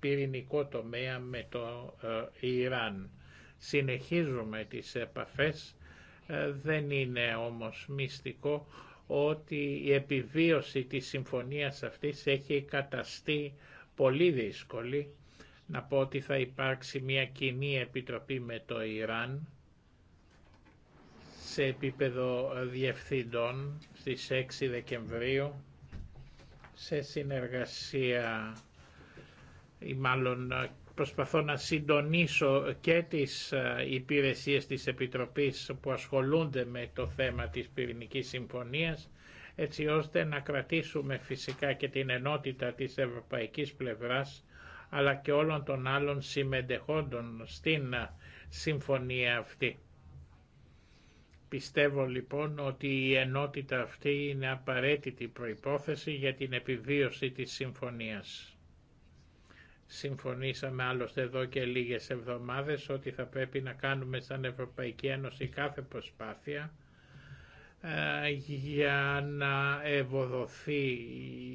πυρηνικό τομέα με το ε, Ιράν. Συνεχίζουμε τις επαφές, ε, δεν είναι όμως μυστικό ότι η επιβίωση της συμφωνίας αυτής έχει καταστεί πολύ δύσκολη. Να πω ότι θα υπάρξει μια κοινή επιτροπή με το Ιράν σε επίπεδο ε, διευθυντών στις 6 Δεκεμβρίου σε συνεργασία ή μάλλον ε, προσπαθώ να συντονίσω και τις ε, υπηρεσίες της Επιτροπής που ασχολούνται με το θέμα της πυρηνικής συμφωνίας έτσι ώστε να κρατήσουμε φυσικά και την ενότητα της ευρωπαϊκής πλευράς αλλά και όλων των άλλων συμμετεχόντων στην ε, συμφωνία αυτή. Πιστεύω λοιπόν ότι η ενότητα αυτή είναι απαραίτητη προϋπόθεση για την επιβίωση της συμφωνίας. Συμφωνήσαμε άλλωστε εδώ και λίγες εβδομάδες ότι θα πρέπει να κάνουμε σαν Ευρωπαϊκή Ένωση κάθε προσπάθεια ε, για να ευοδοθεί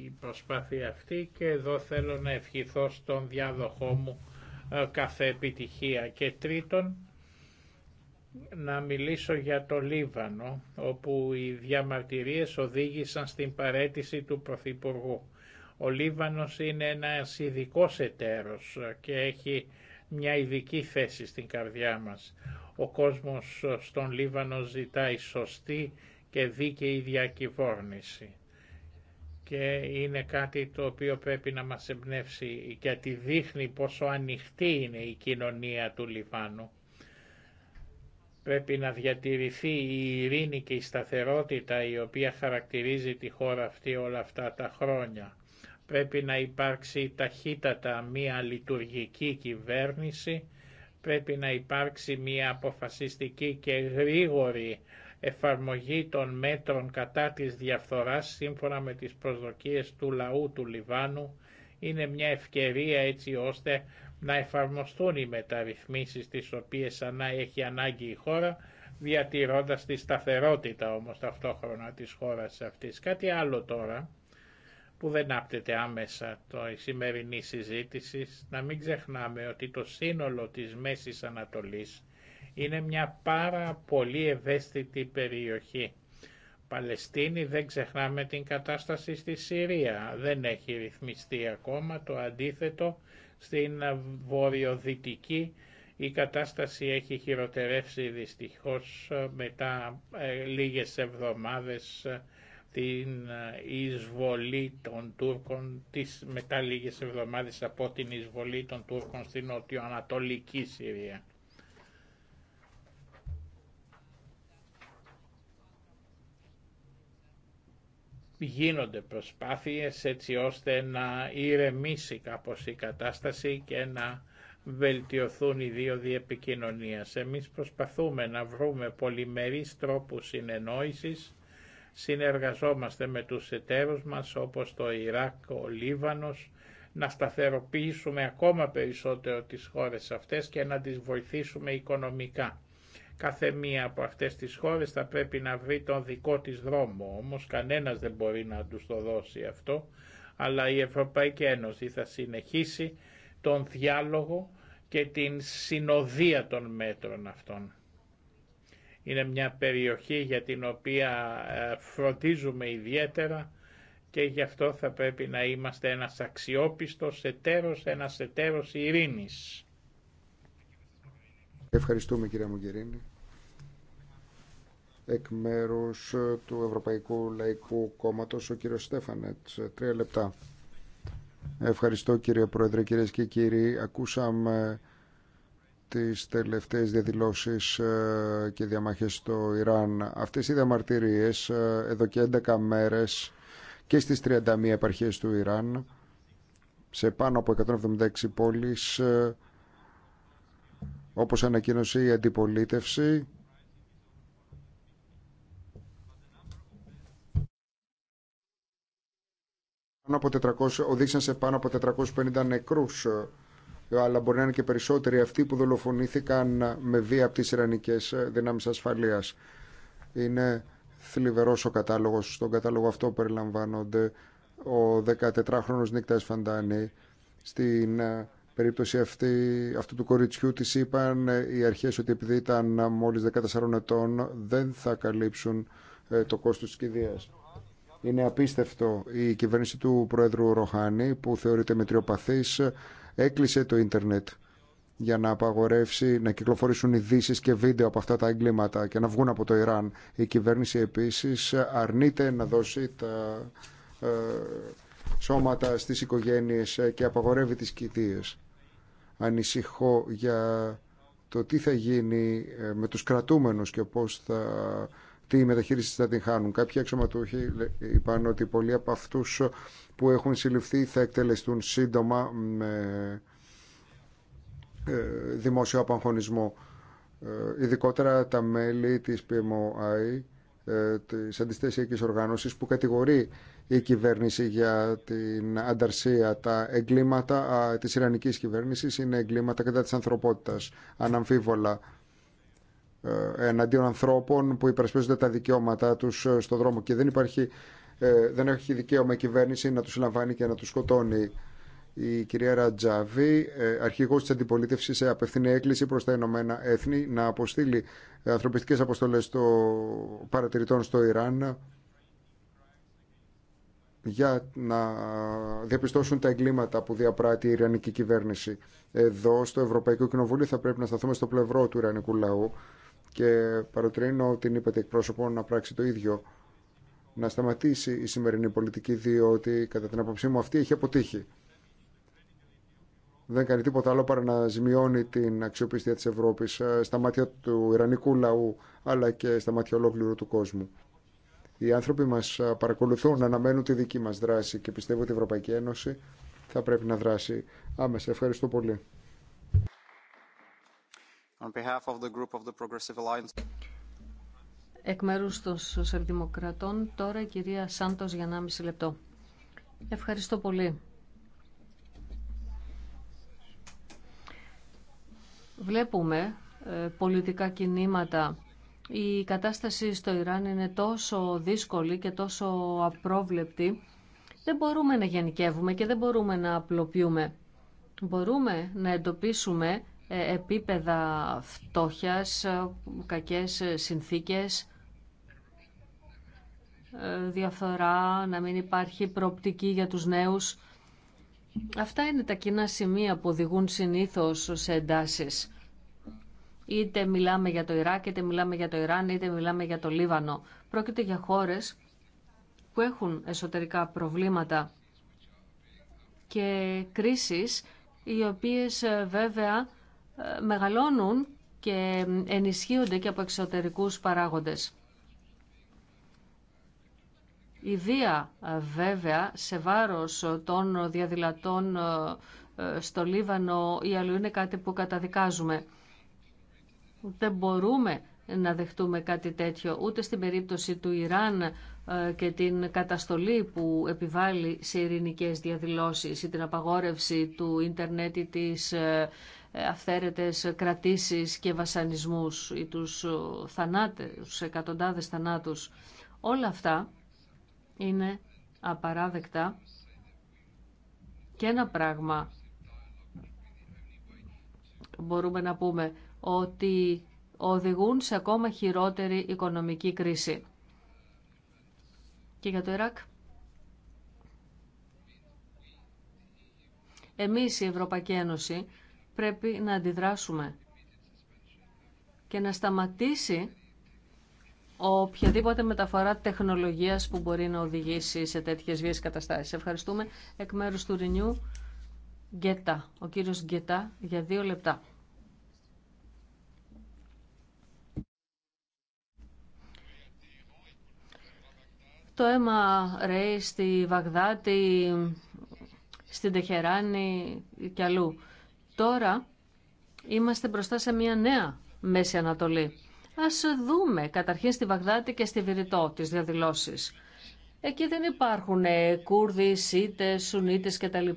η προσπάθεια αυτή και εδώ θέλω να ευχηθώ στον διάδοχό μου ε, κάθε επιτυχία. Και τρίτον, να μιλήσω για το Λίβανο, όπου οι διαμαρτυρίες οδήγησαν στην παρέτηση του Πρωθυπουργού. Ο Λίβανος είναι ένα ειδικό εταίρος και έχει μια ειδική θέση στην καρδιά μας. Ο κόσμος στον Λίβανο ζητάει σωστή και δίκαιη διακυβέρνηση και είναι κάτι το οποίο πρέπει να μας εμπνεύσει γιατί δείχνει πόσο ανοιχτή είναι η κοινωνία του Λιβάνου. Πρέπει να διατηρηθεί η ειρήνη και η σταθερότητα η οποία χαρακτηρίζει τη χώρα αυτή όλα αυτά τα χρόνια. Πρέπει να υπάρξει ταχύτατα μία λειτουργική κυβέρνηση, πρέπει να υπάρξει μία αποφασιστική και γρήγορη εφαρμογή των μέτρων κατά της διαφθοράς σύμφωνα με τις προσδοκίες του λαού του Λιβάνου είναι μια ευκαιρία έτσι ώστε να εφαρμοστούν οι μεταρρυθμίσεις τις οποίες έχει ανάγκη η χώρα διατηρώντας τη σταθερότητα όμως ταυτόχρονα της χώρας αυτής. Κάτι άλλο τώρα που δεν άπτεται άμεσα το η σημερινή συζήτηση, να μην ξεχνάμε ότι το σύνολο της Μέσης Ανατολής είναι μια πάρα πολύ ευαίσθητη περιοχή. Παλαιστίνη δεν ξεχνάμε την κατάσταση στη Συρία, δεν έχει ρυθμιστεί ακόμα, το αντίθετο στην βορειοδυτική η κατάσταση έχει χειροτερεύσει δυστυχώς ε, μετά ε, λίγες εβδομάδες ε, την ε, εισβολή των Τούρκων τις, μετά λίγες εβδομάδες από την εισβολή των Τούρκων στην νοτιοανατολική Συρία. Γίνονται προσπάθειες έτσι ώστε να ηρεμήσει κάπως η κατάσταση και να βελτιωθούν οι δύο διεπικοινωνίες. Εμείς προσπαθούμε να βρούμε πολυμερείς τρόπους συνεννόησης Συνεργαζόμαστε με τους εταίρους μας όπως το Ιράκ, ο Λίβανος, να σταθεροποιήσουμε ακόμα περισσότερο τις χώρες αυτές και να τις βοηθήσουμε οικονομικά. Κάθε μία από αυτές τις χώρες θα πρέπει να βρει τον δικό της δρόμο, όμως κανένας δεν μπορεί να τους το δώσει αυτό, αλλά η Ευρωπαϊκή Ένωση θα συνεχίσει τον διάλογο και την συνοδεία των μέτρων αυτών. Είναι μια περιοχή για την οποία ε, φροντίζουμε ιδιαίτερα και γι' αυτό θα πρέπει να είμαστε ένας αξιόπιστος εταίρος, ένας εταίρος ειρήνης. Ευχαριστούμε κύριε Μουγκερίνη. Εκ μέρους ε, του Ευρωπαϊκού Λαϊκού Κόμματος, ο κύριος Στέφανετς, τρία λεπτά. Ευχαριστώ κύριε Πρόεδρε, κυρίες και κύριοι. Ακούσαμε τις τελευταίες διαδηλώσεις ε, και διαμάχες στο Ιράν. Αυτές οι διαμαρτυρίες ε, εδώ και 11 μέρες και στις 31 επαρχίες του Ιράν σε πάνω από 176 πόλεις ε, όπως ανακοίνωσε η αντιπολίτευση από 400, οδήγησαν σε πάνω από 450 νεκρούς αλλά μπορεί να είναι και περισσότεροι αυτοί που δολοφονήθηκαν ε, με βία από τις Ιρανικές ε, δυνάμεις ασφαλείας. Είναι θλιβερός ο κατάλογος. Στον κατάλογο αυτό περιλαμβάνονται ο 14χρονος Νίκτας Φαντάνη. Στην ε, περίπτωση αυτή, αυτού του κοριτσιού της είπαν οι αρχές ότι επειδή ήταν μόλις 14 ετών δεν θα καλύψουν το κόστος της κηδείας. Είναι απίστευτο η κυβέρνηση του Πρόεδρου Ροχάνη που θεωρείται μετριοπαθής έκλεισε το ίντερνετ για να απαγορεύσει να κυκλοφορήσουν ειδήσει και βίντεο από αυτά τα εγκλήματα και να βγουν από το Ιράν. Η κυβέρνηση επίσης αρνείται να δώσει τα ε, σώματα στις οικογένειες και απαγορεύει τις κοιτίες. Ανησυχώ για το τι θα γίνει ε, με τους κρατούμενους και πώς θα τι μεταχείριση θα την χάνουν. Κάποιοι αξιωματούχοι είπαν ότι πολλοί από αυτού που έχουν συλληφθεί θα εκτελεστούν σύντομα με ε, δημόσιο απαγχωνισμό. Ε, ειδικότερα τα μέλη της PMOI, ε, της αντιστασιακής οργάνωσης που κατηγορεί η κυβέρνηση για την ανταρσία. Τα εγκλήματα της Ιρανικής κυβέρνησης είναι εγκλήματα κατά της ανθρωπότητας, αναμφίβολα. Ε, εναντίον ανθρώπων που υπερασπίζονται τα δικαιώματά τους ε, στον δρόμο και δεν υπάρχει ε, δεν έχει δικαίωμα η κυβέρνηση να τους λαμβάνει και να τους σκοτώνει. Η κυρία Ρατζάβη, αρχηγός της αντιπολίτευσης, απευθύνει έκκληση προ τα Ηνωμένα Έθνη να αποστείλει ανθρωπιστικέ αποστολέ των παρατηρητών στο Ιράν για να διαπιστώσουν τα εγκλήματα που διαπράττει η Ιρανική κυβέρνηση. Εδώ στο Ευρωπαϊκό Κοινοβούλιο θα πρέπει να σταθούμε στο πλευρό του Ιρανικού λαού και παροτρύνω την είπατε εκπρόσωπο να πράξει το ίδιο να σταματήσει η σημερινή πολιτική διότι κατά την απόψή μου αυτή έχει αποτύχει. Δεν κάνει τίποτα άλλο παρά να ζημιώνει την αξιοπιστία της Ευρώπης ε, στα μάτια του Ιρανικού λαού αλλά και στα μάτια ολόκληρου του κόσμου. Οι άνθρωποι μας ε, παρακολουθούν, αναμένουν τη δική μας δράση και πιστεύω ότι η Ευρωπαϊκή Ένωση θα πρέπει να δράσει άμεσα. Ευχαριστώ πολύ. On behalf of Εκ μέρους των Σοσιαλδημοκρατών, τώρα η κυρία Σάντος για 1,5 λεπτό. Ευχαριστώ πολύ. Βλέπουμε ε, πολιτικά κινήματα. Η κατάσταση στο Ιράν είναι τόσο δύσκολη και τόσο απρόβλεπτη. Δεν μπορούμε να γενικεύουμε και δεν μπορούμε να απλοποιούμε. Μπορούμε να εντοπίσουμε ε, επίπεδα φτώχειας, ε, κακές ε, συνθήκες, διαφθορά, να μην υπάρχει προοπτική για τους νέους. Αυτά είναι τα κοινά σημεία που οδηγούν συνήθως σε εντάσεις. Είτε μιλάμε για το Ιράκ, είτε μιλάμε για το Ιράν, είτε μιλάμε για το Λίβανο. Πρόκειται για χώρες που έχουν εσωτερικά προβλήματα και κρίσεις, οι οποίες βέβαια μεγαλώνουν και ενισχύονται και από εξωτερικούς παράγοντες. Η βία βέβαια σε βάρος των διαδηλατών ε, στο Λίβανο ή αλλού είναι κάτι που καταδικάζουμε. Δεν μπορούμε να δεχτούμε κάτι τέτοιο ούτε στην περίπτωση του Ιράν ε, και την καταστολή που επιβάλλει σε ειρηνικές διαδηλώσεις ή την απαγόρευση του ίντερνετ της ε, αυθαίρετες κρατήσεις και βασανισμούς ή τους ε, θανάτες, τους εκατοντάδες θανάτους. Όλα αυτά είναι απαράδεκτα και ένα πράγμα μπορούμε να πούμε ότι οδηγούν σε ακόμα χειρότερη οικονομική κρίση. Και για το Ιράκ. Εμείς η Ευρωπαϊκή Ένωση πρέπει να αντιδράσουμε και να σταματήσει οποιαδήποτε μεταφορά τεχνολογίας που μπορεί να οδηγήσει σε τέτοιες βίες καταστάσεις. Ευχαριστούμε εκ μέρους του Ρινιού Γκέτα, ο κύριος Γκέτα για δύο λεπτά. Το αίμα ρέει στη Βαγδάτη, στην Τεχεράνη και αλλού. Τώρα είμαστε μπροστά σε μια νέα Μέση Ανατολή. Ας δούμε καταρχήν στη Βαγδάτη και στη Βηρητό τις διαδηλώσεις. Εκεί δεν υπάρχουν ε, Κούρδοι, Σίτες, Σουνίτες κτλ.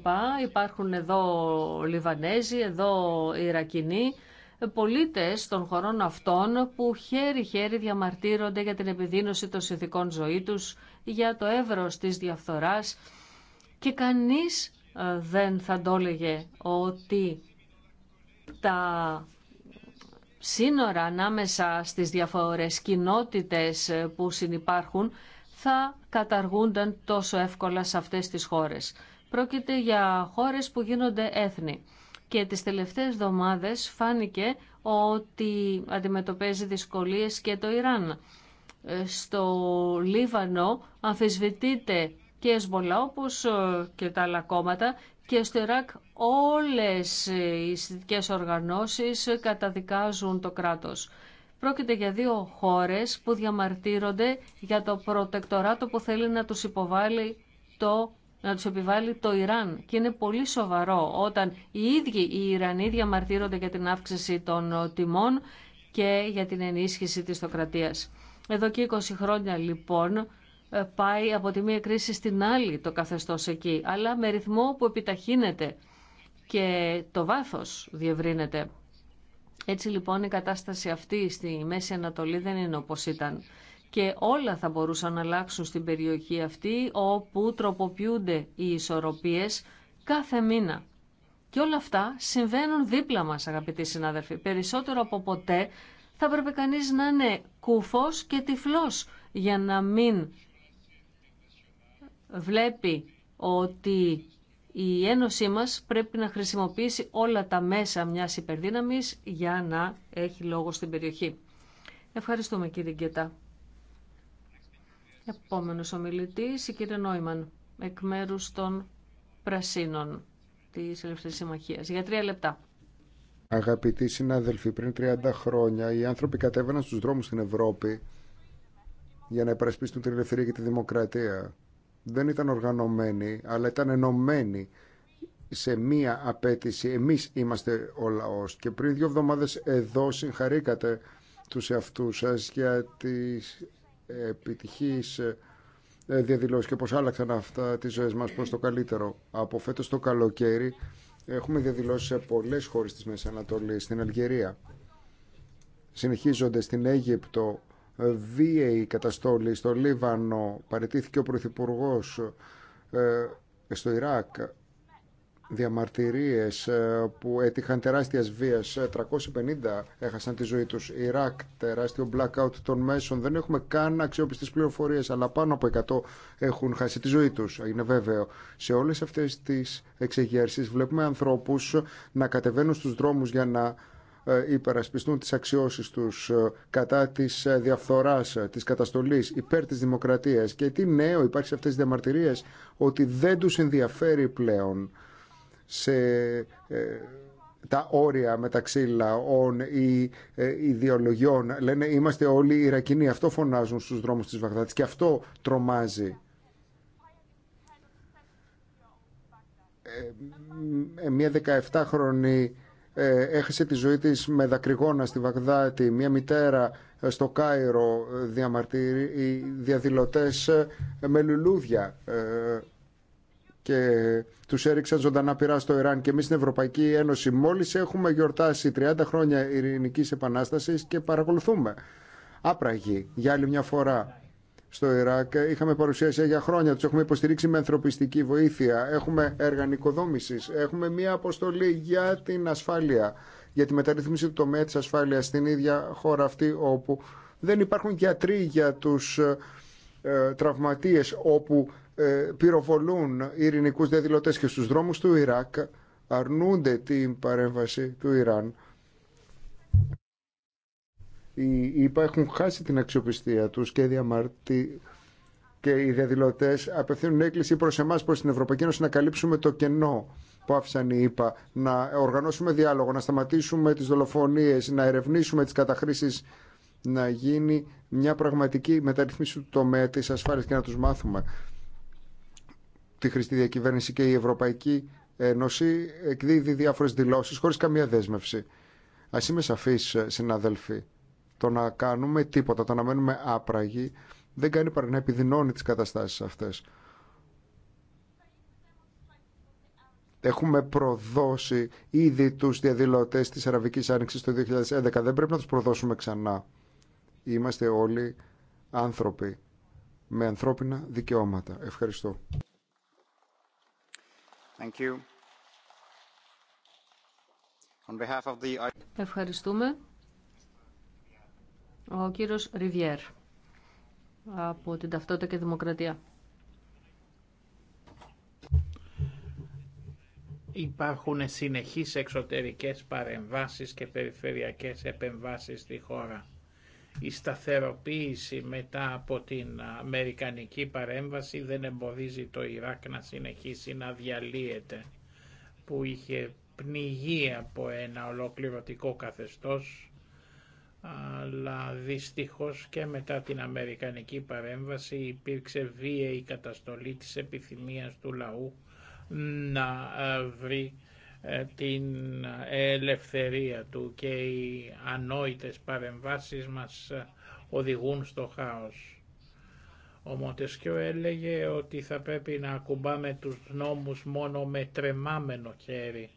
Υπάρχουν εδώ Λιβανέζοι, εδώ Ιρακινοί, ε, πολίτες των χωρών αυτών που χέρι-χέρι διαμαρτύρονται για την επιδείνωση των συνθηκών ζωή τους, για το εύρος της διαφθοράς και κανείς ε, δεν θα το έλεγε ότι τα σύνορα ανάμεσα στις διαφορές κοινότητες που συνυπάρχουν θα καταργούνταν τόσο εύκολα σε αυτές τις χώρες. Πρόκειται για χώρες που γίνονται έθνη. Και τις τελευταίες εβδομάδες φάνηκε ότι αντιμετωπίζει δυσκολίες και το Ιράν. Ε, στο Λίβανο αμφισβητείται και Εσβολά όπως ε, και τα άλλα κόμματα και στο Ιράκ όλες οι συνδικές οργανώσεις καταδικάζουν το κράτος. Πρόκειται για δύο χώρες που διαμαρτύρονται για το προτεκτοράτο που θέλει να τους υποβάλει το να τους επιβάλλει το Ιράν. Και είναι πολύ σοβαρό όταν οι ίδιοι οι Ιρανοί διαμαρτύρονται για την αύξηση των τιμών και για την ενίσχυση της τοκρατίας. Εδώ και 20 χρόνια λοιπόν ε, πάει από τη μία κρίση στην άλλη το καθεστώς εκεί, αλλά με ρυθμό που επιταχύνεται και το βάθος διευρύνεται. Έτσι λοιπόν η κατάσταση αυτή στη Μέση Ανατολή δεν είναι όπως ήταν και όλα θα μπορούσαν να αλλάξουν στην περιοχή αυτή όπου τροποποιούνται οι ισορροπίες κάθε μήνα. Και όλα αυτά συμβαίνουν δίπλα μας αγαπητοί συνάδελφοι. Περισσότερο από ποτέ θα έπρεπε κανείς να είναι κούφος και τυφλός για να μην βλέπει ότι η Ένωσή μας πρέπει να χρησιμοποιήσει όλα τα μέσα μιας υπερδύναμης για να έχει λόγο στην περιοχή. Ευχαριστούμε κύριε Γκέτα. Επόμενος ομιλητής, η κύριε Νόημαν, εκ μέρους των Πρασίνων της Ελευθερής Συμμαχίας. Για τρία λεπτά. Αγαπητοί συνάδελφοι, πριν 30 χρόνια οι άνθρωποι κατέβαιναν στους δρόμους στην Ευρώπη για να υπερασπίσουν την ελευθερία και τη δημοκρατία δεν ήταν οργανωμένοι, αλλά ήταν ενωμένοι σε μία απέτηση. Εμείς είμαστε ο λαός και πριν δύο εβδομάδες εδώ συγχαρήκατε τους εαυτούς σας για τις επιτυχείς ε, διαδηλώσεις και πώς άλλαξαν αυτά τις ζωές μας προς το καλύτερο. Από φέτος το καλοκαίρι έχουμε διαδηλώσει σε πολλές χώρες της Μέσης Ανατολής, στην Αλγερία. Συνεχίζονται στην Αίγυπτο βίαιη καταστολή στο Λίβανο, παραιτήθηκε ο Πρωθυπουργό ε, στο Ιράκ, διαμαρτυρίες ε, που έτυχαν τεράστιας βίας, 350 ε, έχασαν τη ζωή τους, Ιράκ, τεράστιο blackout των μέσων, δεν έχουμε καν αξιόπιστες πληροφορίες, αλλά πάνω από 100 έχουν χάσει τη ζωή τους, είναι βέβαιο. Σε όλες αυτές τις εξεγέρσεις βλέπουμε ανθρώπους να κατεβαίνουν στους δρόμους για να ε, υπερασπιστούν τις αξιώσεις τους ε, κατά της ε, διαφθοράς, της καταστολής, υπέρ της δημοκρατίας και τι νέο υπάρχει σε αυτές τις διαμαρτυρίες ότι δεν τους ενδιαφέρει πλέον σε τα όρια μεταξύ λαών ή ιδεολογιών. Λένε είμαστε όλοι Ιρακινοί. Αυτό φωνάζουν στους δρόμους της Βαγδάτης και αυτό τρομάζει. Ε, μια 17χρονη ε, έχασε τη ζωή της με δακρυγόνα στη Βαγδάτη, μια μητέρα ε, στο Κάιρο ε, διαμαρτύρει, διαδηλωτές με λουλούδια και τους έριξαν ζωντανά πειρά στο Ιράν και εμείς στην Ευρωπαϊκή Ένωση μόλις έχουμε γιορτάσει 30 χρόνια ειρηνικής επανάστασης και παρακολουθούμε άπραγοι για άλλη μια φορά στο Ιράκ. Είχαμε παρουσίαση για χρόνια, του έχουμε υποστηρίξει με ανθρωπιστική βοήθεια. Έχουμε έργα νοικοδόμηση. Έχουμε μία αποστολή για την ασφάλεια, για τη μεταρρύθμιση του τομέα τη ασφάλεια στην ίδια χώρα αυτή όπου δεν υπάρχουν γιατροί για του ε, τραυματίε, όπου ε, πυροβολούν ειρηνικού διαδηλωτέ και στου δρόμου του Ιράκ αρνούνται την παρέμβαση του Ιράν οι ΙΠΑ έχουν χάσει την αξιοπιστία τους και διαμάρτη και οι διαδηλωτέ απευθύνουν έκκληση προς εμάς, προς την Ευρωπαϊκή Ένωση να καλύψουμε το κενό που άφησαν οι ΙΠΑ, να οργανώσουμε διάλογο, να σταματήσουμε τις δολοφονίες, να ερευνήσουμε τις καταχρήσεις, να γίνει μια πραγματική μεταρρυθμίση του τομέα της ασφάλειας και να τους μάθουμε τη χρηστή διακυβέρνηση και η Ευρωπαϊκή Ένωση εκδίδει διάφορες δηλώσεις χωρίς καμία δέσμευση. Ας είμαι σαφής, συναδέλφοι. Το να κάνουμε τίποτα, το να μένουμε άπραγοι, δεν κάνει παρά να επιδεινώνει τις καταστάσεις αυτές. Έχουμε προδώσει ήδη τους διαδηλωτές της Αραβικής Άνοιξης το 2011. Δεν πρέπει να τους προδώσουμε ξανά. Είμαστε όλοι άνθρωποι με ανθρώπινα δικαιώματα. Ευχαριστώ. Thank you. On behalf of the... Ευχαριστούμε. Ο κύριος Ριβιέρ από την Ταυτότητα και Δημοκρατία. Υπάρχουν συνεχείς εξωτερικές παρεμβάσεις και περιφερειακές επεμβάσεις στη χώρα. Η σταθεροποίηση μετά από την Αμερικανική παρέμβαση δεν εμποδίζει το Ιράκ να συνεχίσει να διαλύεται που είχε πνιγεί από ένα ολοκληρωτικό καθεστώς αλλά δυστυχώς και μετά την Αμερικανική παρέμβαση υπήρξε η καταστολή της επιθυμίας του λαού να ε, βρει ε, την ελευθερία του και οι ανόητες παρεμβάσεις μας ε, οδηγούν στο χάος. Ο Μοντεσκιό έλεγε ότι θα πρέπει να ακουμπάμε τους νόμους μόνο με τρεμάμενο χέρι.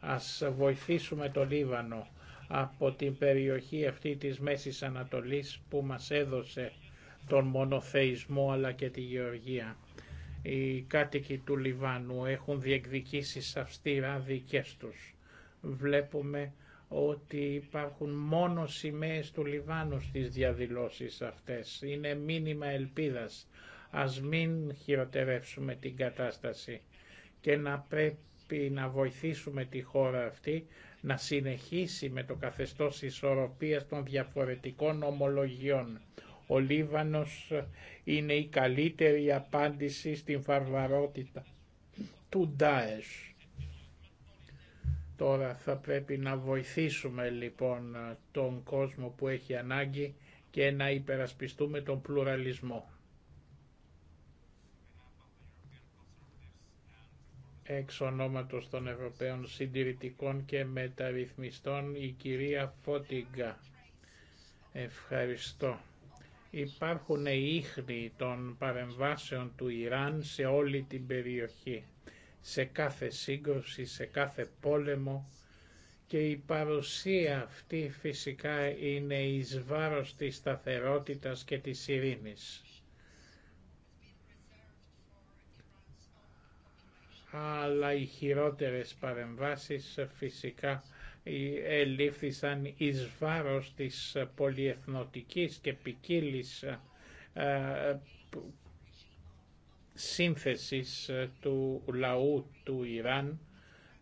Ας βοηθήσουμε το Λίβανο από την περιοχή αυτή της Μέσης Ανατολής που μας έδωσε τον μονοθεϊσμό αλλά και τη γεωργία. Οι κάτοικοι του Λιβάνου έχουν διεκδικήσει αυστηρά δικές τους. Βλέπουμε ότι υπάρχουν μόνο σημαίες του Λιβάνου στις διαδηλώσεις αυτές. Είναι μήνυμα ελπίδας. Ας μην χειροτερεύσουμε την κατάσταση και να πρέπει να βοηθήσουμε τη χώρα αυτή να συνεχίσει με το καθεστώς ισορροπίας των διαφορετικών ομολογιών. Ο Λίβανος είναι η καλύτερη απάντηση στην φαρβαρότητα του Ντάεσ. Τώρα θα πρέπει να βοηθήσουμε λοιπόν τον κόσμο που έχει ανάγκη και να υπερασπιστούμε τον πλουραλισμό. εξ ονόματος των Ευρωπαίων Συντηρητικών και Μεταρρυθμιστών η κυρία Φώτιγκα. Ευχαριστώ. Υπάρχουν ίχνοι των παρεμβάσεων του Ιράν σε όλη την περιοχή, σε κάθε σύγκρουση, σε κάθε πόλεμο και η παρουσία αυτή φυσικά είναι εις βάρος της σταθερότητας και της ειρήνης αλλά οι χειρότερες παρεμβάσεις φυσικά ελήφθησαν εις βάρος της πολυεθνοτικής και ποικίλη ε, σύνθεσης ε, του λαού του Ιράν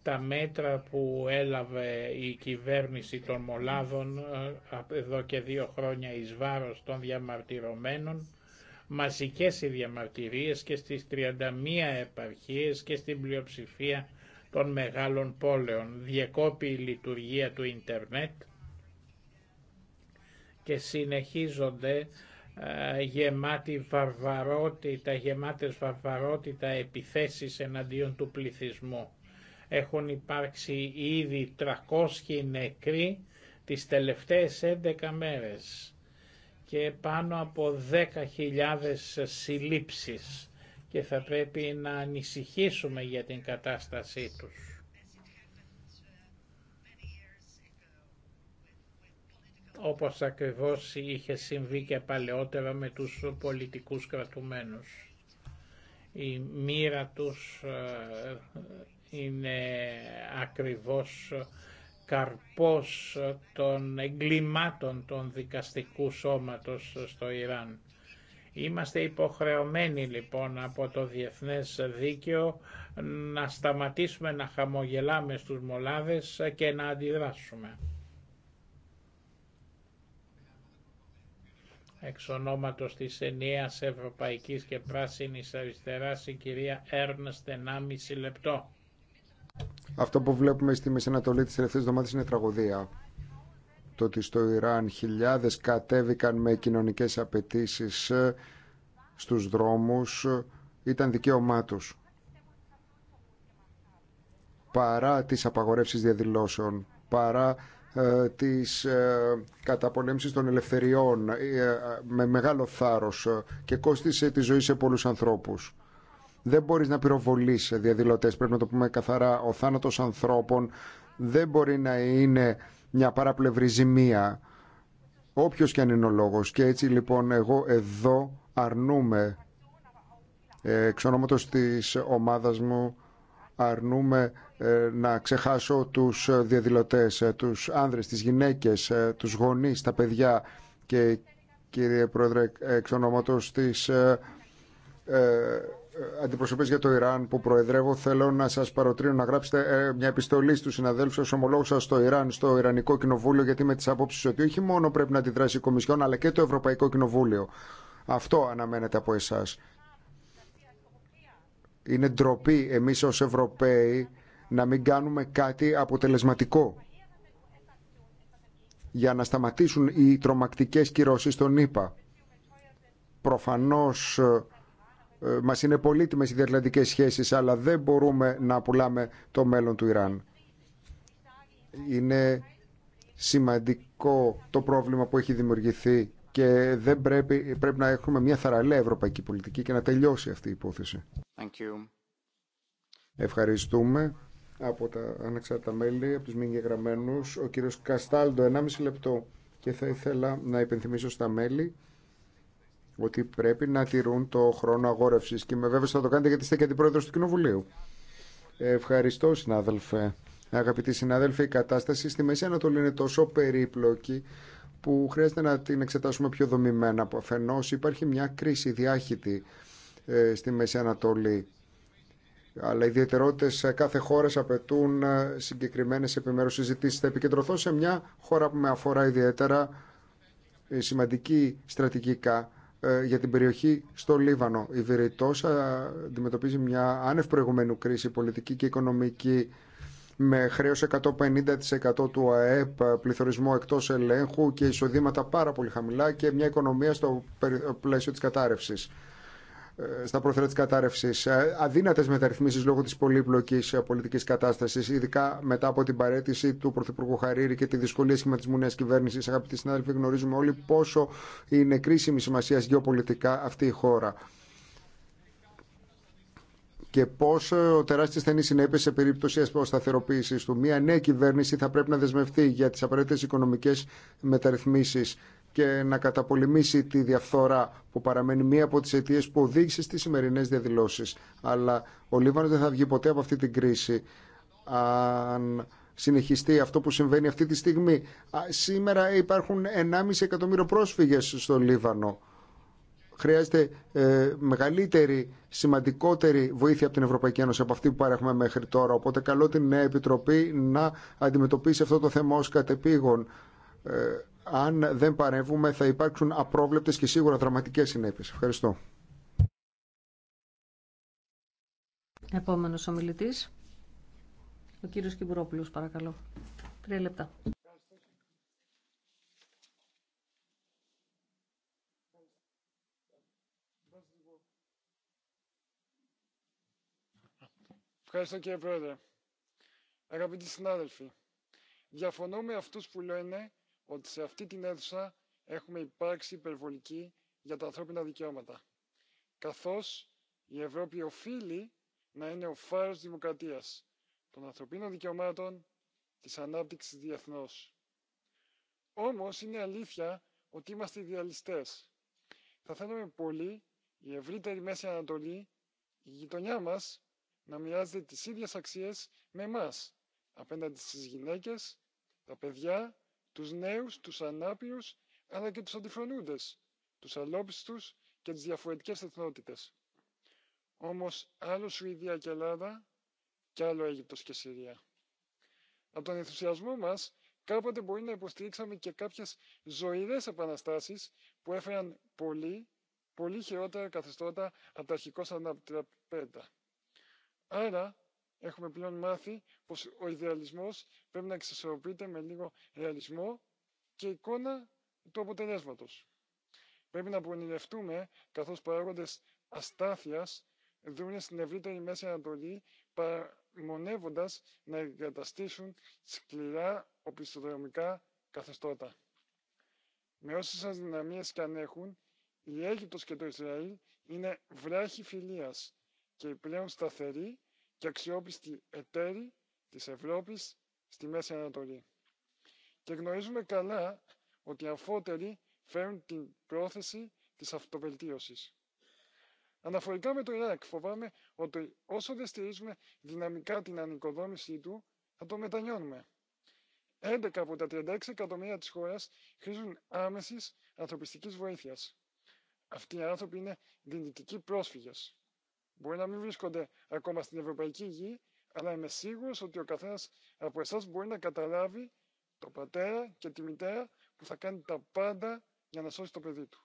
τα μέτρα που έλαβε η κυβέρνηση των Μολάδων ε, εδώ και δύο χρόνια εις βάρος των διαμαρτυρωμένων μαζικές οι διαμαρτυρίες και στις 31 επαρχίες και στην πλειοψηφία των μεγάλων πόλεων. Διεκόπη η λειτουργία του ίντερνετ και συνεχίζονται ε, γεμάτη βαρβαρότητα, γεμάτες βαρβαρότητα επιθέσεις εναντίον του πληθυσμού. Έχουν υπάρξει ήδη 300 νεκροί τις τελευταίες 11 μέρες και πάνω από 10.000 συλλήψεις και θα πρέπει να ανησυχήσουμε για την κατάστασή τους. όπως ακριβώς είχε συμβεί και παλαιότερα με τους πολιτικούς κρατουμένους. Η μοίρα τους ε, είναι ακριβώς καρπός των εγκλημάτων των δικαστικού σώματος στο Ιράν. Είμαστε υποχρεωμένοι λοιπόν από το διεθνές δίκαιο να σταματήσουμε να χαμογελάμε στους μολάδες και να αντιδράσουμε. Εξ ονόματος της ενιαίας Ευρωπαϊκής και Πράσινης Αριστεράς η κυρία Έρνστε 1,5 λεπτό. Αυτό που βλέπουμε στη Μέση Ανατολή τις τελευταίες εβδομάδες είναι τραγωδία. Το ότι στο Ιράν χιλιάδες κατέβηκαν με κοινωνικές απαιτήσει ε, στους δρόμους ε, ήταν δικαίωμά τους. Παρά τις απαγορεύσεις διαδηλώσεων, παρά ε, της καταπολέμησης των ελευθεριών με μεγάλο θάρρος και κόστισε τη ζωή σε πολλούς ανθρώπους δεν μπορείς να πυροβολείς διαδηλωτές, πρέπει να το πούμε καθαρά, ο θάνατος ανθρώπων δεν μπορεί να είναι μια παραπλευρή ζημία, όποιος και αν είναι ο λόγος. Και έτσι λοιπόν εγώ εδώ αρνούμε, εξ ονόματος της ομάδας μου, αρνούμε ε, να ξεχάσω τους διαδηλωτές, ε, τους άνδρες, τις γυναίκες, ε, τους γονείς, τα παιδιά και κύριε Πρόεδρε, εξ ονόματος της ε, αντιπροσωπής για το Ιράν που προεδρεύω θέλω να σας παροτρύνω να γράψετε ε, μια επιστολή στους συναδέλφους σας, ομολόγους σας στο Ιράν, στο Ιρανικό Κοινοβούλιο γιατί με τις απόψεις ότι όχι μόνο πρέπει να αντιδράσει η Κομισιόν αλλά και το Ευρωπαϊκό Κοινοβούλιο. Αυτό αναμένεται από εσάς. Είναι ντροπή εμείς ως Ευρωπαίοι να μην κάνουμε κάτι αποτελεσματικό για να σταματήσουν οι τρομακτικές κυρώσεις στον ΗΠΑ. Προφανώς ε, μας είναι πολύτιμες οι διατλαντικές σχέσεις, αλλά δεν μπορούμε να πουλάμε το μέλλον του Ιράν. Είναι σημαντικό το πρόβλημα που έχει δημιουργηθεί και δεν πρέπει, πρέπει να έχουμε μια θαραλέα ευρωπαϊκή πολιτική και να τελειώσει αυτή η υπόθεση. Ευχαριστούμε από τα ανεξάρτητα μέλη, από τους μη εγγεγραμμένους, ο κύριος Καστάλντο, 1,5 λεπτό. Και θα ήθελα να υπενθυμίσω στα μέλη ότι πρέπει να τηρούν το χρόνο αγόρευση και με βέβαια θα το κάνετε γιατί είστε και αντιπρόεδρο του Κοινοβουλίου. Ευχαριστώ συνάδελφε. Αγαπητοί συνάδελφοι, η κατάσταση στη Μέση Ανατολή είναι τόσο περίπλοκη που χρειάζεται να την εξετάσουμε πιο δομημένα. Αφενό υπάρχει μια κρίση διάχυτη ε, στη Μέση Ανατολή. Αλλά οι ιδιαιτερότητε κάθε χώρα απαιτούν ε, συγκεκριμένε επιμέρου συζητήσει. Θα επικεντρωθώ σε μια χώρα που με αφορά ιδιαίτερα ε, σημαντική στρατηγικά ε, για την περιοχή στο Λίβανο. Η βεριτόσα αντιμετωπίζει μια άνευ προηγουμένου κρίση πολιτική και οικονομική με χρέος 150% του ΑΕΠ, πληθωρισμό εκτός ελέγχου και εισοδήματα πάρα πολύ χαμηλά και μια οικονομία στο πλαίσιο της κατάρρευσης. Ε, στα πρόθερα της κατάρρευσης, ε, αδύνατες μεταρρυθμίσεις λόγω της πολύπλοκης ε, πολιτικής κατάστασης, ειδικά μετά από την παρέτηση του Πρωθυπουργού Χαρίρη και τη δυσκολία σχηματισμού νέας κυβέρνησης. Αγαπητοί συνάδελφοι, γνωρίζουμε όλοι πόσο είναι κρίσιμη σημασία γεωπολιτικά αυτή η χώρα και πόσο τεράστιε θα είναι οι συνέπειε σε περίπτωση σταθεροποίηση του. Μία νέα κυβέρνηση θα πρέπει να δεσμευτεί για τι απαραίτητε οικονομικέ μεταρρυθμίσει και να καταπολεμήσει τη διαφθορά που παραμένει μία από τις αιτίες που οδήγησε στις σημερινές διαδηλώσεις. Αλλά ο Λίβανος δεν θα βγει ποτέ από αυτή την κρίση αν συνεχιστεί αυτό που συμβαίνει αυτή τη στιγμή. Σήμερα υπάρχουν 1,5 εκατομμύριο πρόσφυγες στο Λίβανο. Χρειάζεται ε, μεγαλύτερη, σημαντικότερη βοήθεια από την Ευρωπαϊκή Ένωση από αυτή που παρέχουμε μέχρι τώρα. Οπότε καλώ την Νέα Επιτροπή να αντιμετωπίσει αυτό το θέμα ως κατεπήγον. Ε, αν δεν παρεύουμε θα υπάρξουν απρόβλεπτες και σίγουρα δραματικές συνέπειες. Ευχαριστώ. Επόμενος ομιλητής, ο κύριος Κιμπουρόπουλος, παρακαλώ. Τρία λεπτά. Ευχαριστώ κύριε Πρόεδρε. Αγαπητοί συνάδελφοι, διαφωνώ με αυτούς που λένε ότι σε αυτή την αίθουσα έχουμε υπάρξει υπερβολική για τα ανθρώπινα δικαιώματα καθώς η ευρώπη οφείλει να είναι ο φάρος δημοκρατίας των ανθρωπίνων δικαιωμάτων της ανάπτυξης διεθνώς. Όμως είναι αλήθεια ότι είμαστε ιδεαλιστές. Θα θέλαμε πολύ η ευρύτερη Μέση Ανατολή, η γειτονιά μας, να μοιράζεται τις ίδιες αξίες με εμά απέναντι στις γυναίκες, τα παιδιά, τους νέους, τους ανάπηρους, αλλά και τους αντιφρονούντες, τους αλόπιστους και τις διαφορετικές εθνότητες. Όμως άλλο Σουηδία και Ελλάδα και άλλο Αίγυπτος και Συρία. Από τον ενθουσιασμό μας, κάποτε μπορεί να υποστηρίξαμε και κάποιες ζωηρές επαναστάσεις που έφεραν πολύ, πολύ χειρότερα καθεστώτα από τα αρχικώς αναπτραπέτα. Άρα, έχουμε πλέον μάθει πως ο ιδεαλισμός πρέπει να εξισορροπείται με λίγο ρεαλισμό και εικόνα του αποτελέσματος. Πρέπει να πονηρευτούμε, καθώς παράγοντες αστάθειας δούνε στην ευρύτερη Μέση Ανατολή παραμονεύοντας να εγκαταστήσουν σκληρά οπισθοδρομικά καθεστώτα. Με όσες δυναμίες και αν έχουν, η Αίγυπτος και το Ισραήλ είναι βράχοι φιλίας και πλέον σταθερή και αξιόπιστοι εταίροι της Ευρώπης στη Μέση Ανατολή. Και γνωρίζουμε καλά ότι οι αφότεροι φέρουν την πρόθεση της αυτοβελτίωσης. Αναφορικά με το Ιράκ, φοβάμαι ότι όσο δεν στηρίζουμε δυναμικά την ανοικοδόμησή του, θα το μετανιώνουμε. 11 από τα 36 εκατομμύρια της χώρας χρήζουν άμεσης ανθρωπιστικής βοήθειας. Αυτοί οι άνθρωποι είναι δυνητικοί πρόσφυγες. Μπορεί να μην βρίσκονται ακόμα στην ευρωπαϊκή γη, αλλά είμαι σίγουρος ότι ο καθένας από εσάς μπορεί να καταλάβει το πατέρα και τη μητέρα που θα κάνει τα πάντα για να σώσει το παιδί του.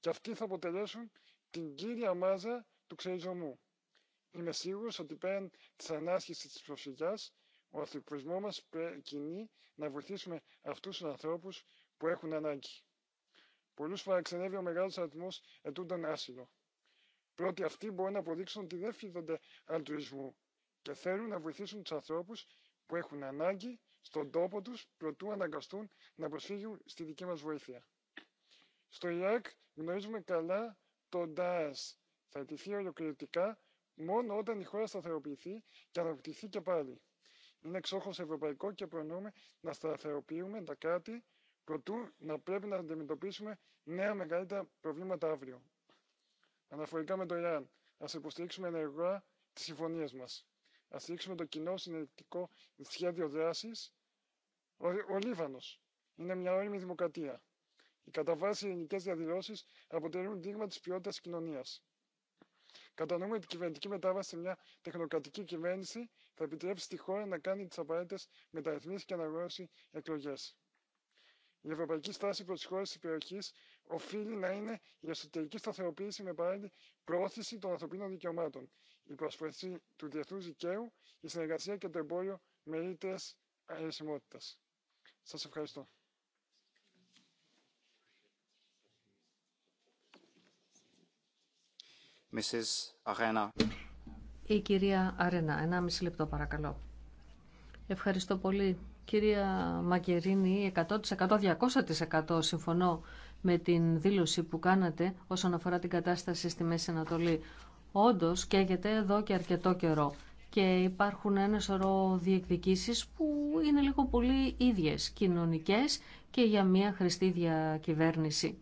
Και αυτοί θα αποτελέσουν την κύρια μάζα του ξεριζωμού. Είμαι σίγουρος ότι πέραν τη ανάσχεση της προσφυγιάς, ο αθλητισμό μας κινεί να βοηθήσουμε αυτούς τους ανθρώπους που έχουν ανάγκη. Πολλούς παραξενεύει ο μεγάλος αριθμός ετούντων άσυλο. Πρώτοι αυτοί μπορούν να αποδείξουν ότι δεν φίδονται αλτουρισμού και θέλουν να βοηθήσουν του ανθρώπου που έχουν ανάγκη στον τόπο του προτού αναγκαστούν να προσφύγουν στη δική μα βοήθεια. Στο ΙΑΚ γνωρίζουμε καλά το ΝΤΑΕΣ. Θα ετηθεί ολοκληρωτικά μόνο όταν η χώρα σταθεροποιηθεί και αναπτυχθεί και πάλι. Είναι εξόχω ευρωπαϊκό και προνοούμε να σταθεροποιούμε τα κράτη προτού να πρέπει να αντιμετωπίσουμε νέα μεγαλύτερα προβλήματα αύριο αναφορικά με το Ιράν. α υποστηρίξουμε ενεργά τις συμφωνίε μα. Α στηρίξουμε το κοινό συνεργατικό σχέδιο δράση. Ο, ο είναι μια όρημη δημοκρατία. Οι καταβάσει ελληνικέ διαδηλώσει αποτελούν δείγμα τη ποιότητα κοινωνία. Κατανοούμε ότι η κυβερνητική μετάβαση σε μια τεχνοκρατική κυβέρνηση θα επιτρέψει στη χώρα να κάνει τι απαραίτητε μεταρρυθμίσει και αναγνώριση εκλογέ. Η ευρωπαϊκή στάση προ τι χώρε τη περιοχή οφείλει να είναι η εσωτερική σταθεροποίηση με παράλληλη προώθηση των ανθρωπίνων δικαιωμάτων, η προσφορή του διεθνού δικαίου, η συνεργασία και το εμπόριο με ρήτρε αρισιμότητα. Σα ευχαριστώ. Η κυρία Αρένα, ένα λεπτό παρακαλώ. Ευχαριστώ πολύ. Κυρία Μακερίνη, 100%, 200% συμφωνώ με την δήλωση που κάνατε όσον αφορά την κατάσταση στη Μέση Ανατολή. Όντως καίγεται εδώ και αρκετό καιρό και υπάρχουν ένα σωρό διεκδικήσεις που είναι λίγο πολύ ίδιες, κοινωνικές και για μια χρηστή διακυβέρνηση.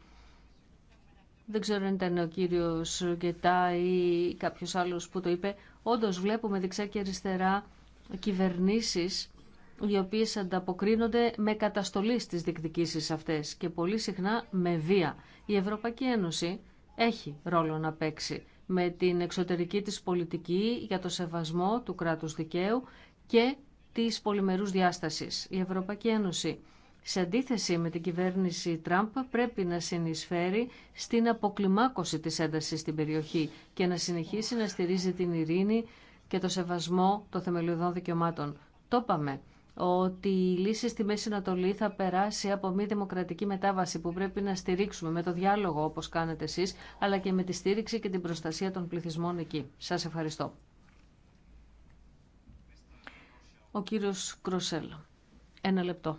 Δεν ξέρω αν ήταν ο κύριος Γκετά ή κάποιος άλλος που το είπε. Όντως βλέπουμε δεξιά και αριστερά κυβερνήσεις οι οποίες ανταποκρίνονται με καταστολή στις διεκδικήσεις αυτές και πολύ συχνά με βία. Η Ευρωπαϊκή Ένωση έχει ρόλο να παίξει με την εξωτερική της πολιτική για το σεβασμό του κράτους δικαίου και της πολυμερούς διάστασης. Η Ευρωπαϊκή Ένωση σε αντίθεση με την κυβέρνηση Τραμπ πρέπει να συνεισφέρει στην αποκλιμάκωση της έντασης στην περιοχή και να συνεχίσει να στηρίζει την ειρήνη και το σεβασμό των θεμελιωδών δικαιωμάτων. Το είπαμε ότι η λύση στη Μέση Ανατολή θα περάσει από μη δημοκρατική μετάβαση που πρέπει να στηρίξουμε με το διάλογο όπως κάνετε εσείς, αλλά και με τη στήριξη και την προστασία των πληθυσμών εκεί. Σας ευχαριστώ. Ο κύριος Κροσέλ. Ένα λεπτό.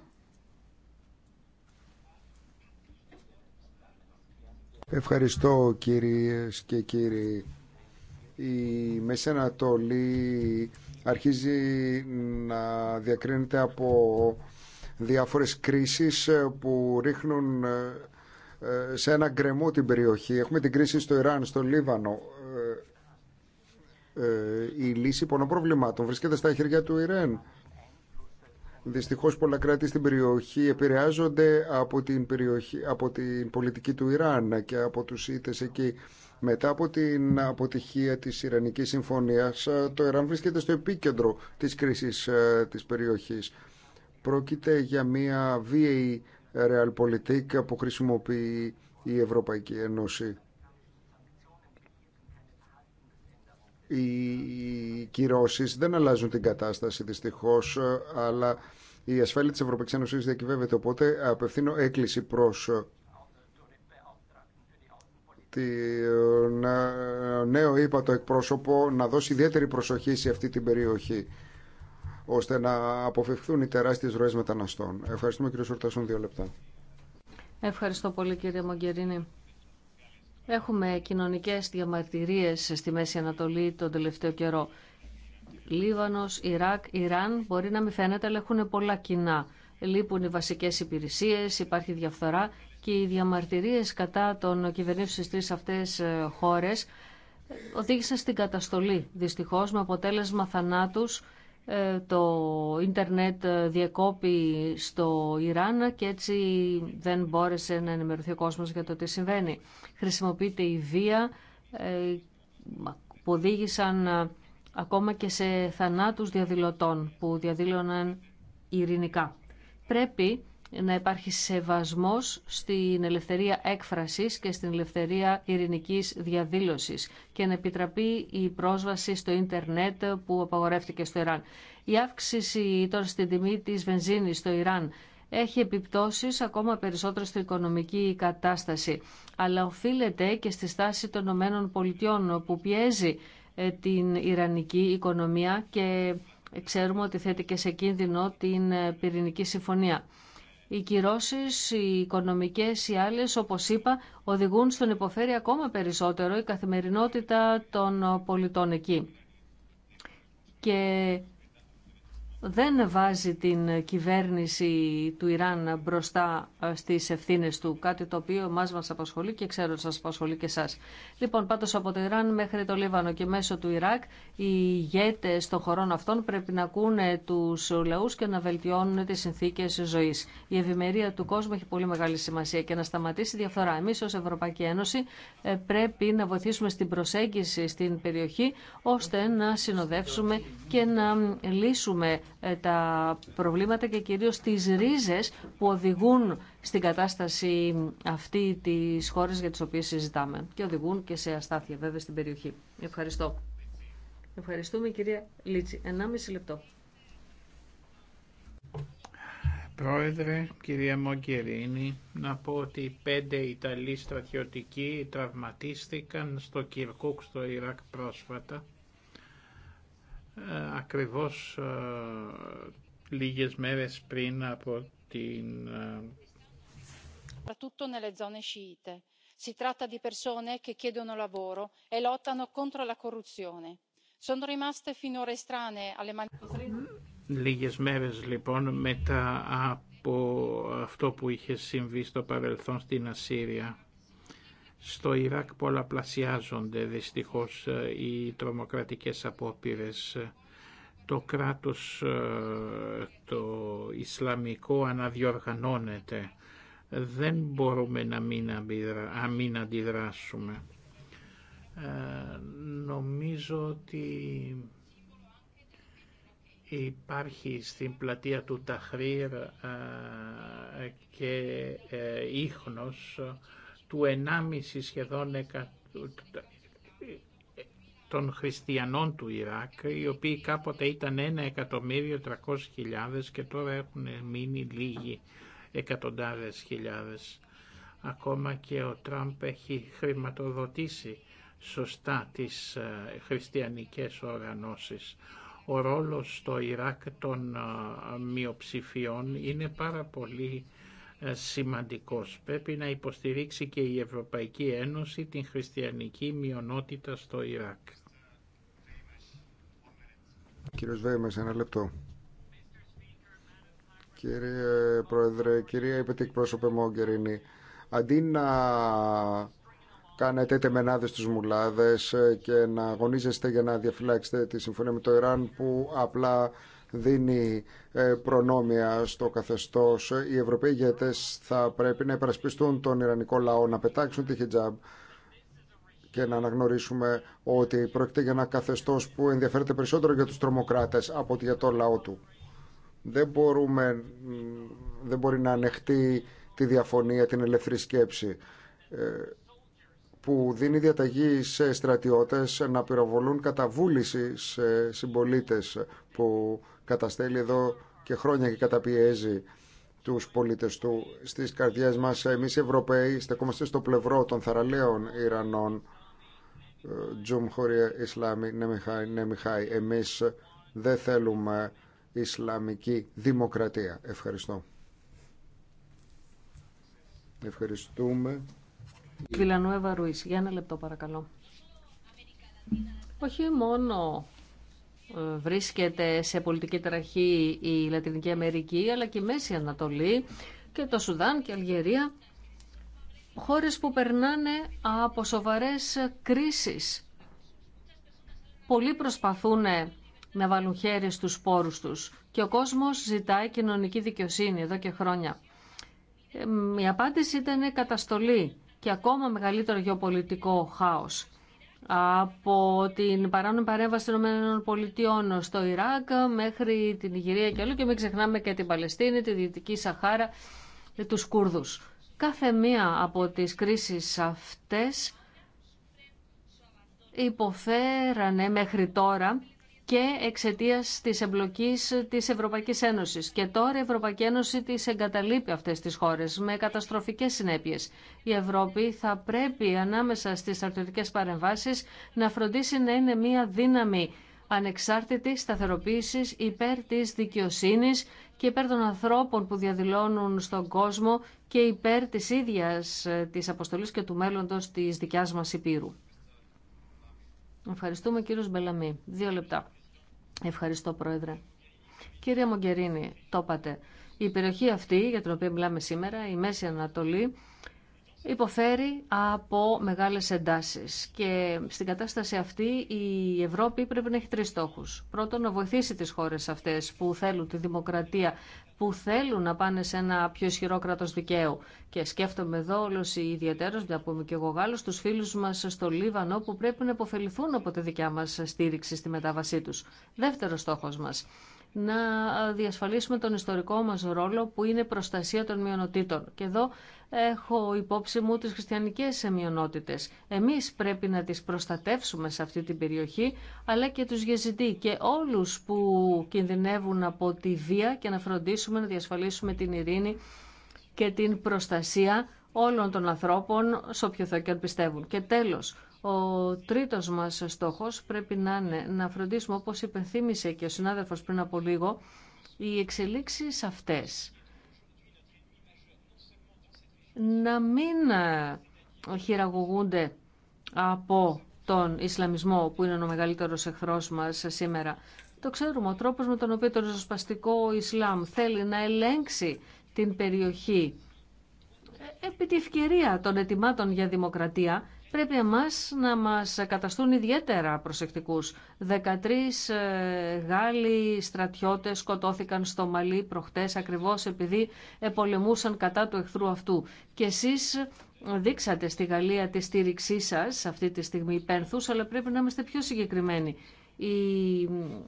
Ευχαριστώ κυρίες και κύριοι. Η Μέση Ανατολή αρχίζει να διακρίνεται από διάφορες κρίσεις ε, που ρίχνουν ε, ε, σε ένα γκρεμό την περιοχή. Έχουμε την κρίση στο Ιράν, στο Λίβανο. Η λύση πολλών προβλημάτων βρίσκεται στα χέρια του Ιράν. Δυστυχώς πολλά κράτη στην περιοχή επηρεάζονται από την, περιοχή, από την πολιτική του Ιράν και από τους ήττες εκεί. Μετά από την αποτυχία της Ιρανικής Συμφωνίας, ε, το Ιράν βρίσκεται στο επίκεντρο της κρίσης ε, της περιοχής. Πρόκειται για μια βίαιη ρεαλπολιτικ που χρησιμοποιεί η Ευρωπαϊκή Ένωση. Οι κυρώσεις δεν αλλάζουν την κατάσταση δυστυχώς, ε, αλλά η ασφάλεια της Ευρωπαϊκής Ένωσης διακυβεύεται. Οπότε απευθύνω έκκληση προς τον ε, νέο είπα το εκπρόσωπο να δώσει ιδιαίτερη προσοχή σε αυτή την περιοχή ώστε να αποφευχθούν οι τεράστιες ροές μεταναστών. Ευχαριστούμε κύριε Σουρτασούν, δύο λεπτά. Ευχαριστώ πολύ κύριε Μογκερίνη. Έχουμε κοινωνικές διαμαρτυρίες στη Μέση Ανατολή τον τελευταίο καιρό. Λίβανος, Ιράκ, Ιράν μπορεί να μην φαίνεται αλλά έχουν πολλά κοινά. Λείπουν οι βασικές υπηρεσίες, υπάρχει διαφθορά και οι διαμαρτυρίες κατά των κυβερνήσεων στις τρεις αυτές ε, χώρες ε, οδήγησαν στην καταστολή δυστυχώς με αποτέλεσμα θανάτους ε, το ίντερνετ διεκόπη στο Ιράν και έτσι δεν μπόρεσε να ενημερωθεί ο κόσμος για το τι συμβαίνει. Χρησιμοποιείται η βία που οδήγησαν ακόμα και σε θανάτους διαδηλωτών που διαδήλωναν ειρηνικά. Πρέπει να υπάρχει σεβασμός στην ελευθερία έκφρασης και στην ελευθερία ειρηνικής διαδήλωσης και να επιτραπεί η πρόσβαση στο ίντερνετ που απαγορεύτηκε στο Ιράν. Η αύξηση τώρα στην τιμή της βενζίνης στο Ιράν έχει επιπτώσεις ακόμα περισσότερο στην οικονομική κατάσταση, αλλά οφείλεται και στη στάση των Ηνωμένων που πιέζει ε, την Ιρανική οικονομία και ξέρουμε ότι θέτει και σε κίνδυνο την ε, πυρηνική συμφωνία. Οι κυρώσει, οι οικονομικές, οι άλλες, όπως είπα, οδηγούν στον υποφέρει ακόμα περισσότερο η καθημερινότητα των πολιτών εκεί δεν βάζει την κυβέρνηση του Ιράν μπροστά ε, στις ευθύνες του, κάτι το οποίο μας μας απασχολεί και ξέρω ότι σας απασχολεί και εσάς. Λοιπόν, πάντως από το Ιράν μέχρι το Λίβανο και μέσω του Ιράκ, οι ηγέτες των χωρών αυτών πρέπει να ακούνε τους λαούς και να βελτιώνουν τις συνθήκες ζωής. Η ευημερία του κόσμου έχει πολύ μεγάλη σημασία και να σταματήσει η διαφθορά. Εμείς ως Ευρωπαϊκή Ένωση ε, πρέπει να βοηθήσουμε στην προσέγγιση στην περιοχή, ώστε να συνοδεύσουμε και να λύσουμε ε, τα προβλήματα και κυρίως τις ρίζες που οδηγούν στην κατάσταση αυτή της χώρας για τις οποίες συζητάμε και οδηγούν και σε αστάθεια βέβαια στην περιοχή. Ευχαριστώ. Ευχαριστούμε κυρία Λίτση. Ενάμιση λεπτό. Πρόεδρε, κυρία Μογκερίνη, να πω ότι πέντε Ιταλοί στρατιωτικοί τραυματίστηκαν στο Κυρκούκ στο Ιράκ πρόσφατα ακριβώς λίγες μέρες πριν από την soprattutto nelle zone sciite. Si tratta di persone che chiedono lavoro e lottano contro la corruzione. Sono rimaste finora estranee alle Λίγες μέρες λοιπόν μετά από αυτό που είχε συμβεί στο παρελθόν στην Ασσύρια στο Ιράκ πολλαπλασιάζονται δυστυχώς ε, οι τρομοκρατικές απόπειρες. Το κράτος ε, το Ισλαμικό αναδιοργανώνεται. Δεν μπορούμε να μην, αντιδράσουμε. Ε, νομίζω ότι υπάρχει στην πλατεία του Ταχρήρ και ε, ίχνος του 1,5 σχεδόν των χριστιανών του Ιράκ, οι οποίοι κάποτε ήταν 1.300.000 και τώρα έχουν μείνει λίγοι εκατοντάδες χιλιάδες. Ακόμα και ο Τραμπ έχει χρηματοδοτήσει σωστά τις ε, χριστιανικές οργανώσεις. Ο ρόλος στο Ιράκ των ε, μειοψηφιών είναι πάρα πολύ ε, σημαντικός. Πρέπει να υποστηρίξει και η Ευρωπαϊκή Ένωση την χριστιανική μειονότητα στο Ιράκ. Κύριος Βέμες, ένα λεπτό. Κύριε Πρόεδρε, κυρία Πρόσωπε Μόγκερινη, αντί να κάνετε τεμενάδες στους μουλάδες και να αγωνίζεστε για να διαφυλάξετε τη συμφωνία με το Ιράν που απλά δίνει ε, προνόμια στο καθεστώς. Οι Ευρωπαίοι ηγέτες θα πρέπει να υπερασπιστούν τον Ιρανικό λαό, να πετάξουν τη χιτζάμπ και να αναγνωρίσουμε ότι πρόκειται για ένα καθεστώς που ενδιαφέρεται περισσότερο για τους τρομοκράτες από ότι για το λαό του. Δεν, μπορούμε, δεν μπορεί να ανεχτεί τη διαφωνία, την ελεύθερη σκέψη ε, που δίνει διαταγή σε στρατιώτες να πυροβολούν κατά βούληση σε που καταστέλει εδώ και χρόνια και καταπιέζει του πολίτε του. Στι καρδιέ μα, εμεί οι Ευρωπαίοι, στεκόμαστε στο πλευρό των θαραλέων Ιρανών. Ε, χωρία Ισλάμι, ναι Μιχάη, ναι Μιχάη. Εμεί δεν θέλουμε Ισλαμική δημοκρατία. Ευχαριστώ. Ευχαριστούμε. Βιλανούεβα Ρουίς, για ένα λεπτό παρακαλώ. Όχι μόνο βρίσκεται σε πολιτική τραχή η Λατινική Αμερική, αλλά και η Μέση Ανατολή και το Σουδάν και η Αλγερία, χώρες που περνάνε από σοβαρές κρίσεις. Πολλοί προσπαθούν να βάλουν χέρι στους τους και ο κόσμος ζητάει κοινωνική δικαιοσύνη εδώ και χρόνια. Ε, η απάντηση ήταν καταστολή και ακόμα μεγαλύτερο γεωπολιτικό χάος από την παράνομη παρέμβαση των ΗΠΑ στο Ιράκ μέχρι την Ιγυρία και όλο και μην ξεχνάμε και την Παλαιστίνη, τη Δυτική Σαχάρα, τους Κούρδους. Κάθε μία από τις κρίσεις αυτές υποφέρανε μέχρι τώρα και εξαιτία τη εμπλοκή τη Ευρωπαϊκή Ένωση. Και τώρα η Ευρωπαϊκή Ένωση τι εγκαταλείπει αυτέ τι χώρε με καταστροφικέ συνέπειε. Η Ευρώπη θα πρέπει ανάμεσα στι στρατιωτικέ παρεμβάσει να φροντίσει να είναι μια δύναμη ανεξάρτητη σταθεροποίηση υπέρ τη δικαιοσύνη και υπέρ των ανθρώπων που διαδηλώνουν στον κόσμο και υπέρ τη ίδια ε, τη αποστολή και του μέλλοντο τη δικιά μα Υπήρου. Ευχαριστούμε κύριος Μπελαμή. Δύο λεπτά. Ευχαριστώ, Πρόεδρε. Κύριε Μογκερίνη, το είπατε. Η περιοχή αυτή για την οποία μιλάμε σήμερα, η Μέση Ανατολή, υποφέρει από μεγάλες εντάσεις και στην κατάσταση αυτή η Ευρώπη πρέπει να έχει τρεις στόχους. Πρώτον, να βοηθήσει τις χώρες αυτές που θέλουν τη δημοκρατία που θέλουν να πάνε σε ένα πιο ισχυρό κρατό δικαίου. Και σκέφτομαι εδώ όλου οι να πούμε και εγώ Γάλλο, του φίλου μα στο Λίβανο που πρέπει να υποφεληθούν από τη δικιά μα στήριξη στη μετάβασή του. Δεύτερο στόχο μα να διασφαλίσουμε τον ιστορικό μας ρόλο που είναι προστασία των μειονοτήτων. Και εδώ έχω υπόψη μου τις χριστιανικές μειονότητες. Εμείς πρέπει να τις προστατεύσουμε σε αυτή την περιοχή, αλλά και τους γεζιτή και όλους που κινδυνεύουν από τη βία και να φροντίσουμε να διασφαλίσουμε την ειρήνη και την προστασία όλων των ανθρώπων σε όποιο πιστεύουν. Και τέλος, ο τρίτος μας στόχος πρέπει να είναι να φροντίσουμε, όπως υπενθύμησε και ο συνάδελφος πριν από λίγο, οι εξελίξεις αυτές να μην ε, χειραγωγούνται από τον Ισλαμισμό που είναι ο μεγαλύτερος εχθρός μας σήμερα. Το ξέρουμε, ο τρόπος με τον οποίο το ριζοσπαστικό Ισλάμ θέλει να ελέγξει την περιοχή ε, επί τη ευκαιρία των ετοιμάτων για δημοκρατία πρέπει εμάς να μας καταστούν ιδιαίτερα προσεκτικούς. 13 ε, Γάλλοι στρατιώτες σκοτώθηκαν στο Μαλί προχτές ακριβώς επειδή επολεμούσαν κατά του εχθρού αυτού. Και εσείς δείξατε στη Γαλλία τη στήριξή σας αυτή τη στιγμή υπέρθους, αλλά πρέπει να είμαστε πιο συγκεκριμένοι. Οι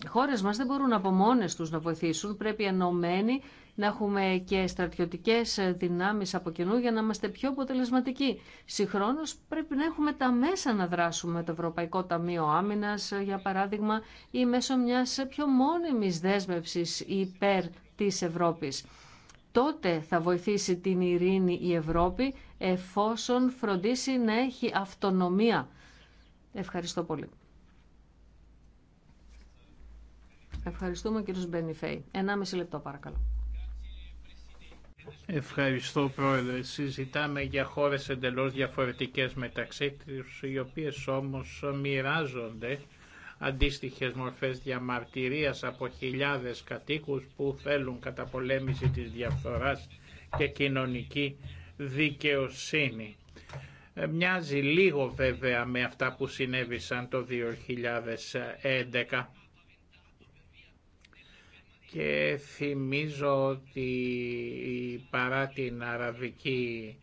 χώρες μας δεν μπορούν από μόνες τους να βοηθήσουν, πρέπει ενωμένοι να έχουμε και στρατιωτικές δυνάμεις από κοινού για να είμαστε πιο αποτελεσματικοί. Συγχρόνως πρέπει να έχουμε τα μέσα να δράσουμε το Ευρωπαϊκό Ταμείο Άμυνας, για παράδειγμα, ή μέσω μιας πιο μόνιμης δέσμευσης υπέρ της Ευρώπης. Τότε θα βοηθήσει την ειρήνη η Ευρώπη εφόσον φροντίσει να έχει αυτονομία. Ευχαριστώ πολύ. Ευχαριστούμε κύριος Μπενιφέη. μισή λεπτό παρακαλώ. Ευχαριστώ πρόεδρε. Συζητάμε για χώρες εντελώς διαφορετικές μεταξύ τους, οι οποίες όμως μοιράζονται αντίστοιχες μορφές διαμαρτυρίας από χιλιάδες κατοίκους που θέλουν καταπολέμηση της διαφθοράς και κοινωνική δικαιοσύνη. Ε, μοιάζει λίγο βέβαια με αυτά που συνέβησαν το 2011 και θυμίζω ότι παρά την αραβική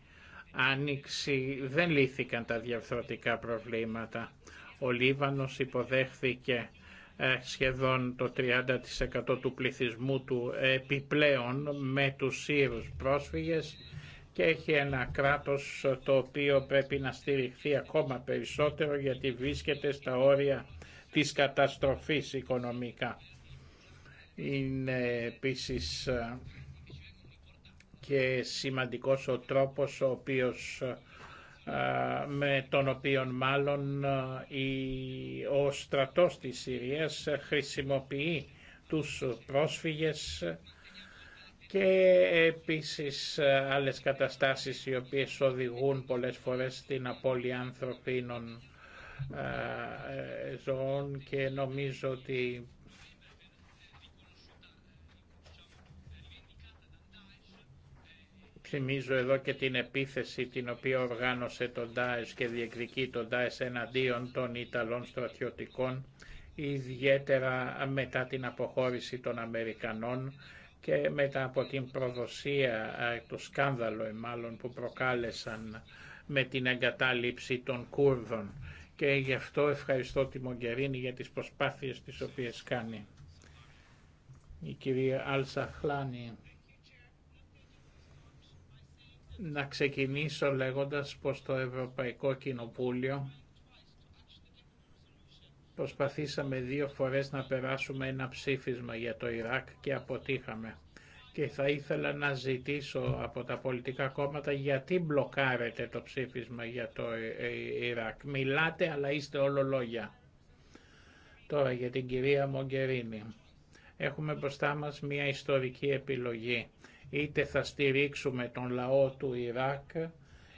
άνοιξη δεν λύθηκαν τα διαφθορτικά προβλήματα. Ο Λίβανος υποδέχθηκε ε, σχεδόν το 30% του πληθυσμού του επιπλέον με τους Σύρους πρόσφυγες και έχει ένα κράτος το οποίο πρέπει να στηριχθεί ακόμα περισσότερο γιατί βρίσκεται στα όρια της καταστροφής οικονομικά. Είναι επίσης ε, και σημαντικός ο τρόπος ο οποίος ε, με τον οποίο μάλλον ε, ο στρατός της Συρίας χρησιμοποιεί τους πρόσφυγες και επίσης άλλες καταστάσεις οι οποίες οδηγούν πολλές φορές στην απώλεια ανθρωπίνων ζώων και νομίζω ότι Θυμίζω εδώ και την επίθεση την οποία οργάνωσε τον ΤΑΕΣ και διεκδικεί τον ΤΑΕΣ εναντίον των Ιταλών στρατιωτικών, ιδιαίτερα μετά την αποχώρηση των Αμερικανών και μετά από την προδοσία, το σκάνδαλο μάλλον που προκάλεσαν με την εγκατάλειψη των Κούρδων. Και γι' αυτό ευχαριστώ τη Μογκερίνη για τις προσπάθειες τις οποίες κάνει. Η κυρία Αλσαχλάνη να ξεκινήσω λέγοντας πως το Ευρωπαϊκό Κοινοβούλιο προσπαθήσαμε δύο φορές να περάσουμε ένα ψήφισμα για το Ιράκ και αποτύχαμε. Και θα ήθελα να ζητήσω από τα πολιτικά κόμματα γιατί μπλοκάρετε το ψήφισμα για το ε, ε, Ιράκ. Μιλάτε αλλά είστε όλο λόγια. Τώρα για την κυρία Μογκερίνη. Έχουμε μπροστά μας μια ιστορική επιλογή. Είτε θα στηρίξουμε τον λαό του Ιράκ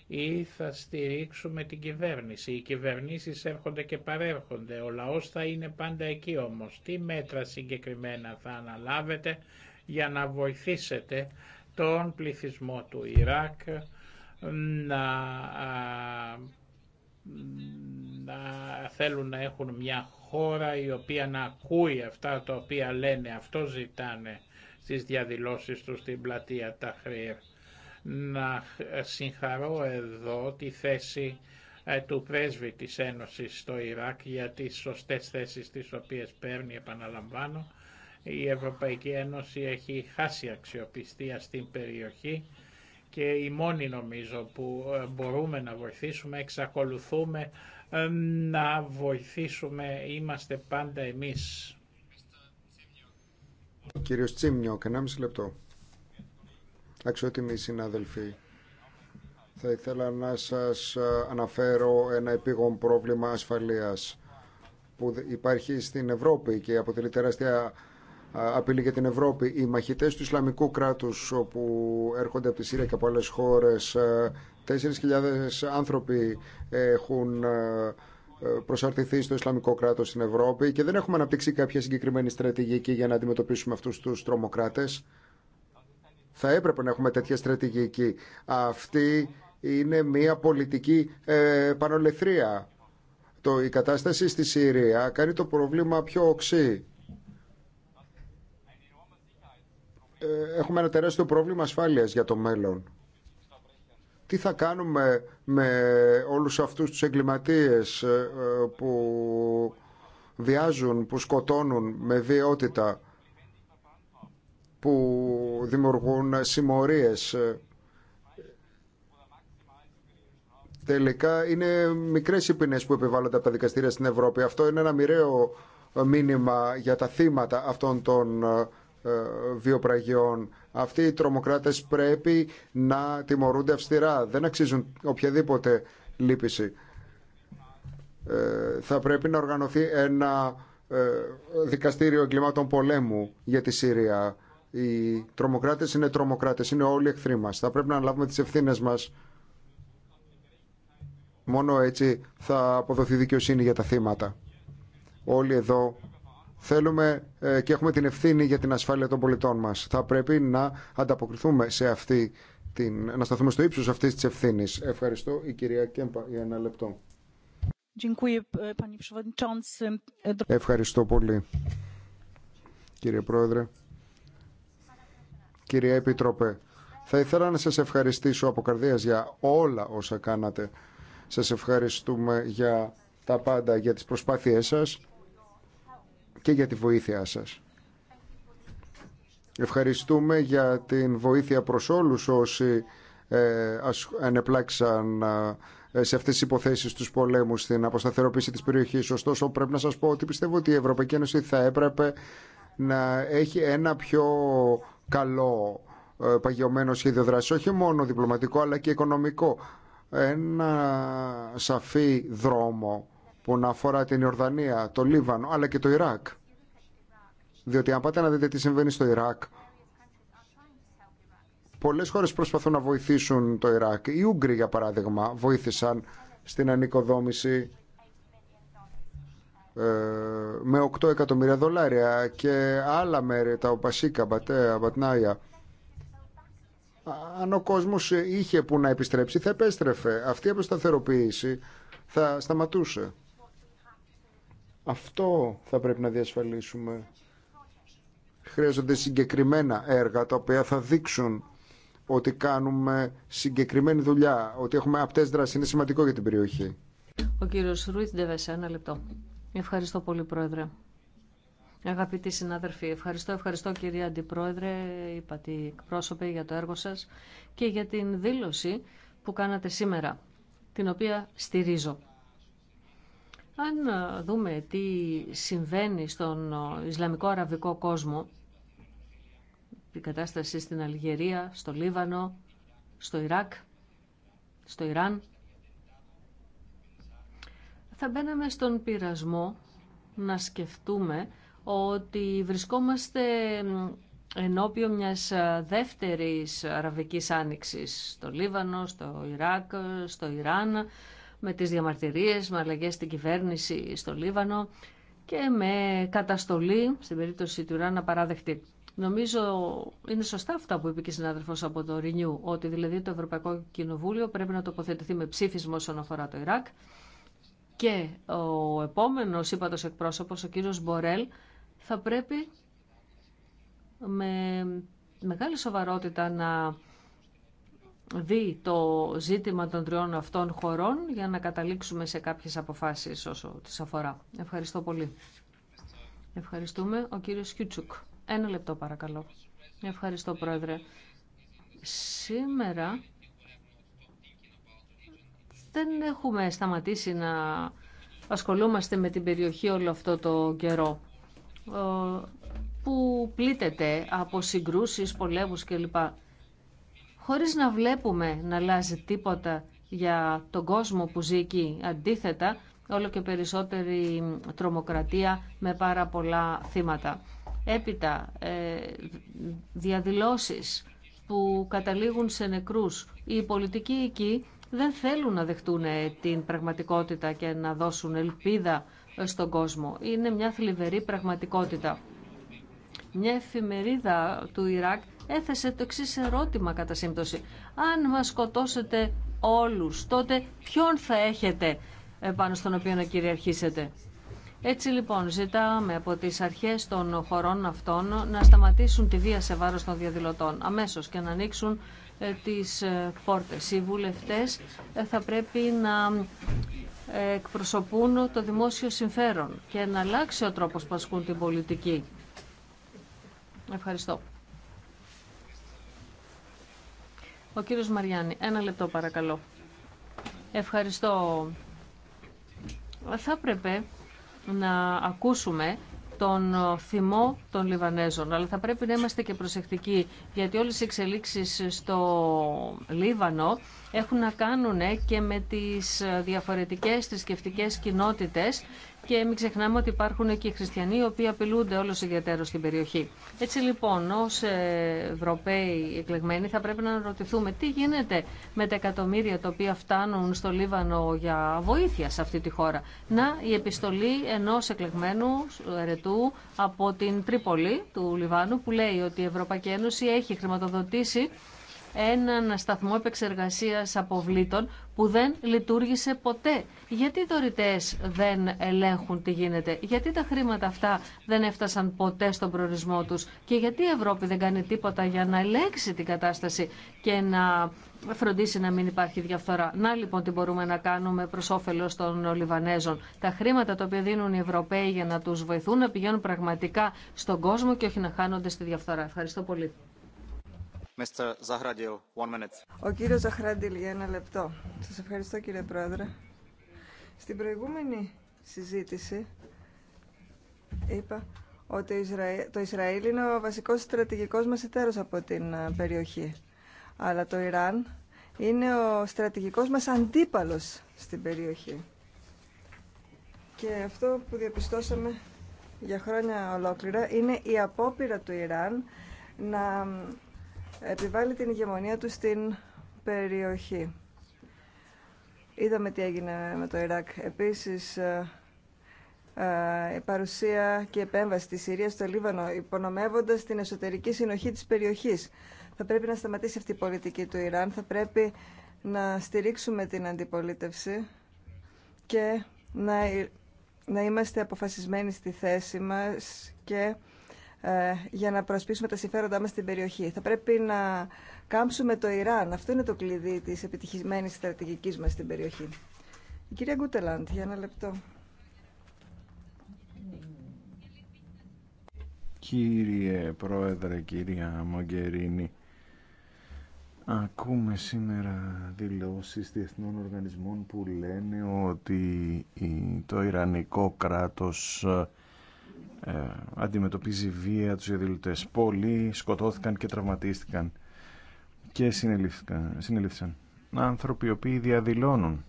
ή θα στηρίξουμε την κυβέρνηση. Οι κυβερνήσεις έρχονται και παρέρχονται. Ο λαός θα είναι πάντα εκεί όμως. Τι μέτρα συγκεκριμένα θα αναλάβετε για να βοηθήσετε τον πληθυσμό του Ιράκ να, να θέλουν να έχουν μια χώρα η οποία να ακούει αυτά τα οποία λένε, αυτό ζητάνε στις διαδηλώσεις του στην πλατεία Ταχρήρ. Να συγχαρώ εδώ τη θέση ε, του πρέσβη της Ένωσης στο Ιράκ για τις σωστές θέσεις τις οποίες παίρνει, επαναλαμβάνω. Η Ευρωπαϊκή Ένωση έχει χάσει αξιοπιστία στην περιοχή και η μόνη νομίζω που ε, μπορούμε να βοηθήσουμε, εξακολουθούμε ε, να βοηθήσουμε, είμαστε πάντα εμείς. Κύριος Τσίμνιο, 1,5 λεπτό. Αξιότιμοι συνάδελφοι, θα ήθελα να σας ε, αναφέρω ένα επίγον πρόβλημα ασφαλείας που υπάρχει στην Ευρώπη και αποτελεί τεράστια ε, απειλή για την Ευρώπη. Οι μαχητές του Ισλαμικού κράτους που έρχονται από τη Σύρια και από άλλες χώρες, 4.000 ε, άνθρωποι έχουν ε, προσαρτηθεί στο Ισλαμικό κράτο στην Ευρώπη και δεν έχουμε αναπτύξει κάποια συγκεκριμένη στρατηγική για να αντιμετωπίσουμε αυτού του τρομοκράτε. Θα έπρεπε να έχουμε τέτοια στρατηγική. Αυτή είναι μια πολιτική ε, Το, η κατάσταση στη Συρία κάνει το πρόβλημα πιο οξύ. Ε, έχουμε ένα τεράστιο πρόβλημα ασφάλειας για το μέλλον τι θα κάνουμε με όλους αυτούς τους εγκληματίες ε, που βιάζουν, που σκοτώνουν με βιαιότητα, που δημιουργούν συμμορίες. Ε, τελικά είναι μικρές οι που επιβάλλονται από τα δικαστήρια στην Ευρώπη. Αυτό είναι ένα μοιραίο μήνυμα για τα θύματα αυτών των ε, ε, βιοπραγιών. Αυτοί οι τρομοκράτες πρέπει να τιμωρούνται αυστηρά. Δεν αξίζουν οποιαδήποτε λύπηση. Ε, θα πρέπει να οργανωθεί ένα ε, δικαστήριο εγκλημάτων πολέμου για τη Συρία. Οι τρομοκράτες είναι τρομοκράτες, είναι όλοι εχθροί μας. Θα πρέπει να λάβουμε τις ευθύνες μας. Μόνο έτσι θα αποδοθεί δικαιοσύνη για τα θύματα. Όλοι εδώ θέλουμε ε, και έχουμε την ευθύνη για την ασφάλεια των πολιτών μας. Θα πρέπει να ανταποκριθούμε σε αυτή την, να σταθούμε στο ύψος αυτής της ευθύνης. Ευχαριστώ η κυρία Κέμπα για ένα λεπτό. Ε, ε, Ευχαριστώ πολύ, κύριε Πρόεδρε. Κυρία Επιτροπέ, θα ήθελα να σας ευχαριστήσω από καρδίας για όλα όσα κάνατε. Σας ευχαριστούμε για τα πάντα, για τις προσπάθειές σας και για τη βοήθειά σας. Ευχαριστούμε για την βοήθεια προς όλους όσοι ε, ανεπλάξαν ε, σε αυτές τις υποθέσεις τους πολέμους στην αποσταθεροποίηση της περιοχής. Ωστόσο πρέπει να σας πω ότι πιστεύω ότι η Ευρωπαϊκή Ένωση θα έπρεπε να έχει ένα πιο καλό ε, παγιωμένο σχέδιο δράση, όχι μόνο διπλωματικό αλλά και οικονομικό. Ένα σαφή δρόμο που να αφορά την Ιορδανία, το Λίβανο αλλά και το Ιράκ. Διότι αν πάτε να δείτε τι συμβαίνει στο Ιράκ, πολλές χώρες προσπαθούν να βοηθήσουν το Ιράκ. Οι Ούγγροι, για παράδειγμα, βοήθησαν στην ανοικοδόμηση ε, με 8 εκατομμύρια δολάρια και άλλα μέρη, τα Οπασίκα, Μπατέα, Μπατνάια. Αν ο κόσμος είχε που να επιστρέψει, θα επέστρεφε. Αυτή η αποσταθεροποίηση θα σταματούσε. Αυτό θα πρέπει να διασφαλίσουμε. Χρειάζονται συγκεκριμένα έργα τα οποία θα δείξουν ότι κάνουμε συγκεκριμένη δουλειά, ότι έχουμε απτές δράσεις. Είναι σημαντικό για την περιοχή. Ο κύριος Ρουίτ Ντεβέσε, ένα λεπτό. Ευχαριστώ πολύ, Πρόεδρε. Αγαπητοί συνάδελφοι, ευχαριστώ, ευχαριστώ κυρία Αντιπρόεδρε, τη εκπρόσωπε για το έργο σας και για την δήλωση που κάνατε σήμερα, την οποία στηρίζω. Αν ε, δούμε τι συμβαίνει στον ε, Ισλαμικό-Αραβικό κόσμο, την κατάσταση στην Αλγερία, στο Λίβανο, στο Ιράκ, στο Ιράν, θα μπαίναμε στον πειρασμό να σκεφτούμε ότι βρισκόμαστε ενώπιον μιας ε, δεύτερης αραβικής άνοιξης στο Λίβανο, στο Ιράκ, στο Ιράν, με τις διαμαρτυρίες, με αλλαγές στην κυβέρνηση στο Λίβανο και με καταστολή στην περίπτωση του Ιράν να παραδεχτεί. Νομίζω είναι σωστά αυτά που είπε και η συνάδελφο από το Ρινιού, ότι δηλαδή το Ευρωπαϊκό Κοινοβούλιο πρέπει να τοποθετηθεί με ψήφισμα όσον αφορά το Ιράκ. Και ο επόμενο ύπατο εκπρόσωπο, ο κύριο Μπορέλ, θα πρέπει με μεγάλη σοβαρότητα να δει το ζήτημα των τριών αυτών χωρών για να καταλήξουμε σε κάποιες αποφάσεις όσο τις αφορά. Ευχαριστώ πολύ. Ευχαριστούμε. Ο κύριος Κιούτσουκ. Ένα λεπτό παρακαλώ. Ευχαριστώ πρόεδρε. Σήμερα δεν έχουμε σταματήσει να ασχολούμαστε με την περιοχή όλο αυτό το καιρό που πλήττεται από συγκρούσεις, πολέμους κλπ χωρίς να βλέπουμε να αλλάζει τίποτα για τον κόσμο που ζει εκεί. Αντίθετα, όλο και περισσότερη τρομοκρατία με πάρα πολλά θύματα. Έπειτα, ε, διαδηλώσεις που καταλήγουν σε νεκρούς. Οι πολιτικοί εκεί δεν θέλουν να δεχτούν ε, την πραγματικότητα και να δώσουν ελπίδα ε, στον κόσμο. Είναι μια θλιβερή πραγματικότητα. Μια εφημερίδα του Ιράκ έθεσε το εξή ερώτημα κατά σύμπτωση. Αν μας σκοτώσετε όλους, τότε ποιον θα έχετε πάνω στον οποίο να κυριαρχήσετε. Έτσι λοιπόν ζητάμε από τις αρχές των χωρών αυτών να σταματήσουν τη βία σε βάρος των διαδηλωτών αμέσως και να ανοίξουν ε, τις ε, πόρτες. Οι βουλευτές ε, θα πρέπει να εκπροσωπούν το δημόσιο συμφέρον και να αλλάξει ο τρόπος που ασκούν την πολιτική. Ευχαριστώ. Ο κύριος Μαριάννη, ένα λεπτό παρακαλώ. Ευχαριστώ. Θα πρέπει να ακούσουμε τον θυμό των Λιβανέζων. Αλλά θα πρέπει να είμαστε και προσεκτικοί, γιατί όλες οι εξελίξεις στο Λίβανο έχουν να κάνουν και με τις διαφορετικές θρησκευτικέ κοινότητες και μην ξεχνάμε ότι υπάρχουν και οι χριστιανοί οι οποίοι απειλούνται όλο ιδιαίτερο στην περιοχή. Έτσι λοιπόν, ω Ευρωπαίοι εκλεγμένοι, θα πρέπει να ρωτηθούμε τι γίνεται με τα εκατομμύρια τα οποία φτάνουν στο Λίβανο για βοήθεια σε αυτή τη χώρα. Να, η επιστολή ενό εκλεγμένου ερετού από την Τρίπολη του Λιβάνου που λέει ότι η Ευρωπαϊκή Ένωση έχει χρηματοδοτήσει έναν σταθμό επεξεργασίας αποβλήτων που δεν λειτουργήσε ποτέ. Γιατί οι δωρητές δεν ελέγχουν τι γίνεται, γιατί τα χρήματα αυτά δεν έφτασαν ποτέ στον προορισμό τους και γιατί η Ευρώπη δεν κάνει τίποτα για να ελέγξει την κατάσταση και να φροντίσει να μην υπάρχει διαφθορά. Να λοιπόν τι μπορούμε να κάνουμε προ όφελο των Λιβανέζων. Τα χρήματα τα οποία δίνουν οι Ευρωπαίοι για να του βοηθούν να πηγαίνουν πραγματικά στον κόσμο και όχι να χάνονται στη διαφθορά. Ευχαριστώ πολύ. Ο κύριος Ζαχράντιλ για ένα λεπτό. Σας ευχαριστώ κύριε Πρόεδρε. Στην προηγούμενη συζήτηση είπα ότι το Ισραήλ είναι ο βασικός στρατηγικός μας εταίρος από την ε, περιοχή. Αλλά το Ιράν είναι ο στρατηγικός μας αντίπαλος στην περιοχή. Και αυτό που διαπιστώσαμε για χρόνια ολόκληρα είναι η απόπειρα του Ιράν να επιβάλλει την ηγεμονία του στην περιοχή. Είδαμε τι έγινε με το Ιράκ. Επίσης, ε, ε, η παρουσία και η επέμβαση της Συρίας στο Λίβανο υπονομεύοντας την εσωτερική συνοχή της περιοχής. Θα πρέπει να σταματήσει αυτή η πολιτική του Ιράν. Θα πρέπει να στηρίξουμε την αντιπολίτευση και να, να είμαστε αποφασισμένοι στη θέση μας και ε, για να προσπίσουμε τα συμφέροντά μας στην περιοχή. Θα πρέπει να κάμψουμε το Ιράν. Αυτό είναι το κλειδί της επιτυχισμένης στρατηγικής μας στην περιοχή. Η κυρία Γκούτελαντ, για ένα λεπτό. Κύριε Πρόεδρε, κυρία Μογκερίνη, ακούμε σήμερα δηλώσεις διεθνών οργανισμών που λένε ότι το Ιρανικό κράτος ε, ε, αντιμετωπίζει βία τους διαδηλωτές. Πολλοί σκοτώθηκαν και τραυματίστηκαν και συνελήφθησαν. Άνθρωποι οι οποίοι διαδηλώνουν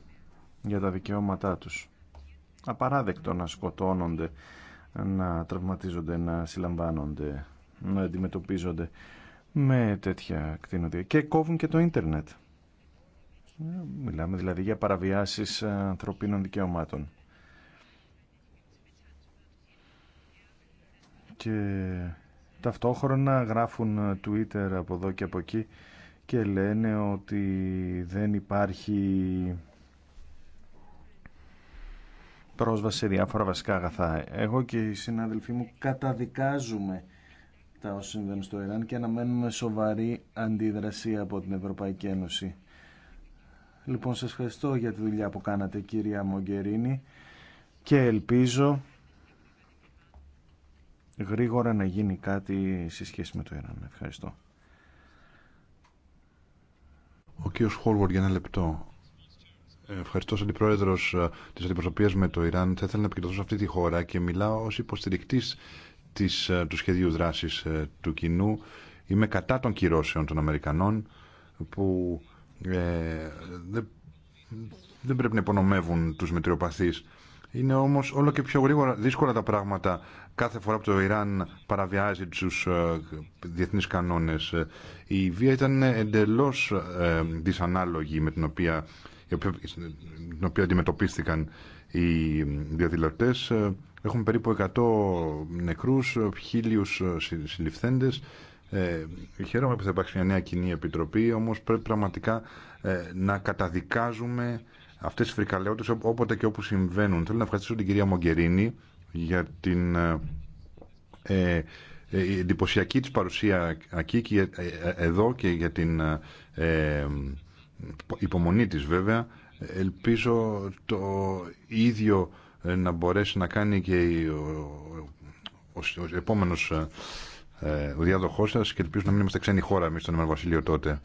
για τα δικαιώματά τους. Απαράδεκτο να σκοτώνονται, να τραυματίζονται, να συλλαμβάνονται, να αντιμετωπίζονται με τέτοια κτηνοδία. Και κόβουν και το ίντερνετ. Ε, μιλάμε δηλαδή για παραβιάσεις ε, ανθρωπίνων δικαιωμάτων. και ταυτόχρονα γράφουν ε, Twitter από εδώ και από εκεί και λένε ότι δεν υπάρχει πρόσβαση σε διάφορα βασικά αγαθά. Εγώ και οι συναδελφοί μου καταδικάζουμε τα όσα συμβαίνουν στο Ιράν και αναμένουμε σοβαρή αντίδραση από την Ευρωπαϊκή Ένωση. Λοιπόν, σας ευχαριστώ για τη δουλειά που κάνατε κυρία Μογκερίνη και ελπίζω γρήγορα να γίνει κάτι σε σχέση με το Ιράν. Ευχαριστώ. Ο κύριος Χόλβορ, για ένα λεπτό. Ευχαριστώ σαν αντιπρόεδρο ε, τη αντιπροσωπεία με το Ιράν. Θα ήθελα να επικοινωνήσω σε αυτή τη χώρα και μιλάω ω υποστηρικτή ε, του σχεδίου δράση ε, του κοινού. Είμαι κατά των κυρώσεων των Αμερικανών που δεν, δεν πρέπει να υπονομεύουν τους μετριοπαθείς είναι όμω όλο και πιο γρήγορα, δύσκολα τα πράγματα κάθε φορά που το Ιράν παραβιάζει του ε, διεθνεί κανόνε. Ε, η βία ήταν εντελώ ε, δυσανάλογη με την οποία, την οποία αντιμετωπίστηκαν οι διαδηλωτέ. Έχουμε περίπου 100 νεκρού, χίλιου συλληφθέντε. Ε, χαίρομαι που θα υπάρξει μια νέα κοινή επιτροπή, όμω πρέπει πραγματικά να καταδικάζουμε Αυτέ τις φρικαλαιότητε όποτε και όπου συμβαίνουν. Θέλω να ευχαριστήσω την κυρία Μογκερίνη για την ε, ε, ε εντυπωσιακή της παρουσία εκεί και ε, εδώ και για την ε, υπομονή της βέβαια ελπίζω το ίδιο να μπορέσει να κάνει και ο, ο, ο επόμενος ε, ο διάδοχός σας και ελπίζω να μην είμαστε ξένη χώρα εμείς στον Βασίλειο τότε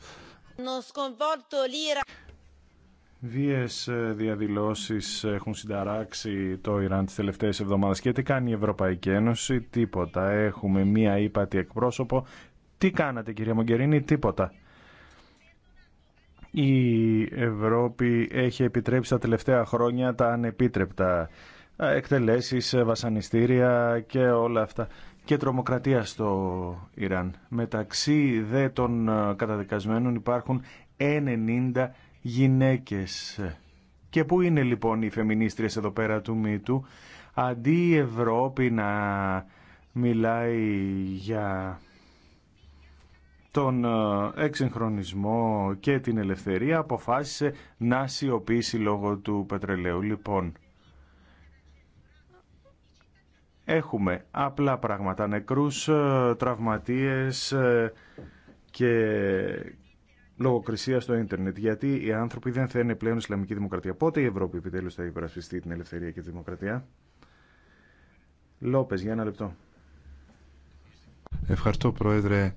Βίες ε, διαδηλώσεις έχουν συνταράξει το Ιράν τις τελευταίες εβδομάδες και τι κάνει η Ευρωπαϊκή Ένωση, τίποτα. Έχουμε μία ύπατη εκπρόσωπο. Τι κάνατε κυρία Μογκερίνη, τίποτα. Η Ευρώπη έχει επιτρέψει τα τελευταία χρόνια τα ανεπίτρεπτα ε, εκτελέσεις, ε, βασανιστήρια και όλα αυτά και τρομοκρατία στο Ιράν. Μεταξύ δε των καταδικασμένων υπάρχουν 90 γυναίκες. Και πού είναι λοιπόν οι φεμινίστριες εδώ πέρα του μύτου, αντί η Ευρώπη να μιλάει για τον ε, εξυγχρονισμό και την ελευθερία, αποφάσισε να σιωπήσει λόγω του πετρελαίου. Λοιπόν, έχουμε απλά πράγματα, νεκρούς, ε, τραυματίες ε, και λογοκρισία στο ίντερνετ. Γιατί οι άνθρωποι δεν θέλουν πλέον Ισλαμική Δημοκρατία. Πότε η Ευρώπη επιτέλου θα υπερασπιστεί την ελευθερία και τη δημοκρατία. Λόπε, για ένα λεπτό. Ευχαριστώ, Πρόεδρε.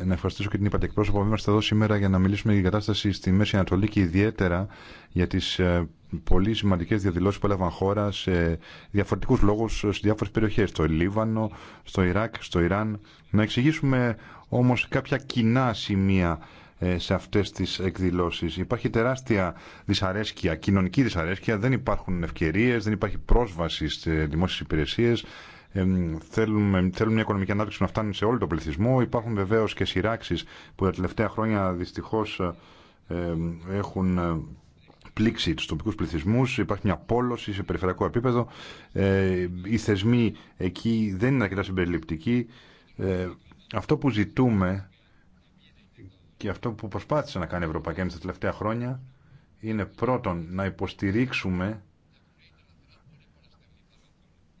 Ε, να ευχαριστήσω και την είπατε εκπρόσωπο. Είμαστε εδώ σήμερα για να μιλήσουμε για την κατάσταση στη Μέση Ανατολή και ιδιαίτερα για τι ε, πολύ σημαντικέ διαδηλώσει που έλαβαν χώρα σε διαφορετικού λόγου σε διάφορε περιοχέ. Στο Λίβανο, στο Ιράκ, στο Ιράν. Να εξηγήσουμε όμω κάποια κοινά σημεία ε, σε αυτές τις εκδηλώσεις. Υπάρχει τεράστια δυσαρέσκεια, κοινωνική δυσαρέσκεια, δεν υπάρχουν ευκαιρίες, δεν υπάρχει πρόσβαση σε δημόσιες υπηρεσίες, θέλουμε, θέλουν μια οικονομική ανάπτυξη να φτάνει σε όλο τον πληθυσμό. Υπάρχουν βεβαίως και σειράξεις που τα τελευταία χρόνια δυστυχώς ε, έχουν ε, πλήξει του τοπικού πληθυσμού, υπάρχει μια πόλωση σε περιφερειακό επίπεδο. Ε, οι θεσμοί εκεί δεν είναι αρκετά συμπεριληπτικοί. αυτό που ζητούμε και αυτό που προσπάθησε να κάνει η Ευρωπαϊκή Ένωση τα τελευταία χρόνια είναι πρώτον να υποστηρίξουμε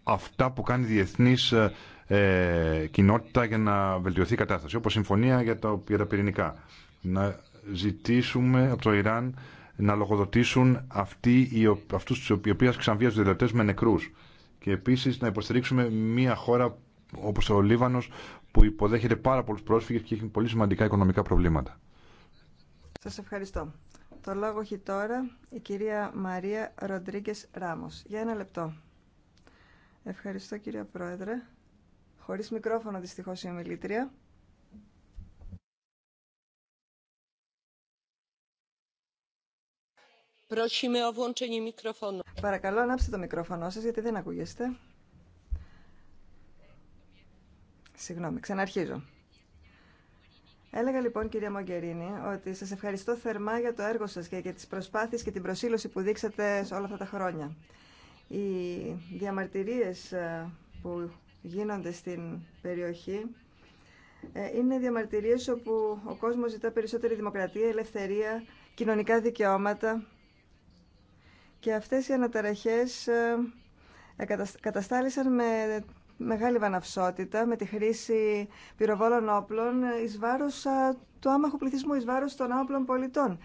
αυτά που κάνει η διεθνής ε, ε κοινότητα για να βελτιωθεί η κατάσταση, όπως συμφωνία για τα, για πυρηνικά. Να ζητήσουμε από το Ιράν να λογοδοτήσουν αυτού του αυτούς τους οι με νεκρούς. Και επίσης να υποστηρίξουμε μια χώρα όπως ο Λίβανος που υποδέχεται πάρα πολλού πρόσφυγες και έχει πολύ σημαντικά οικονομικά προβλήματα. Σας ευχαριστώ. Το λόγο έχει τώρα η κυρία Μαρία Ροντρίγκε ράμο. Για ένα λεπτό. Ευχαριστώ κυρία Πρόεδρε. Χωρίς μικρόφωνο δυστυχώ η ομιλήτρια. Παρακαλώ ανάψτε το μικρόφωνο σας γιατί δεν ακούγεστε. Συγγνώμη, ξαναρχίζω. Έλεγα λοιπόν, κυρία Μογκερίνη, ότι σας ευχαριστώ θερμά για το έργο σας και για τις προσπάθειες και την προσήλωση που δείξατε όλα αυτά τα χρόνια. Οι διαμαρτυρίε ε, που γίνονται στην περιοχή ε, είναι διαμαρτυρίε όπου ο κόσμος ζητά περισσότερη δημοκρατία, ελευθερία, κοινωνικά δικαιώματα και αυτές οι αναταραχές ε, καταστάλησαν με μεγάλη βαναυσότητα με τη χρήση πυροβόλων όπλων εις βάρος του άμαχου πληθυσμού, εις βάρος των άοπλων πολιτών.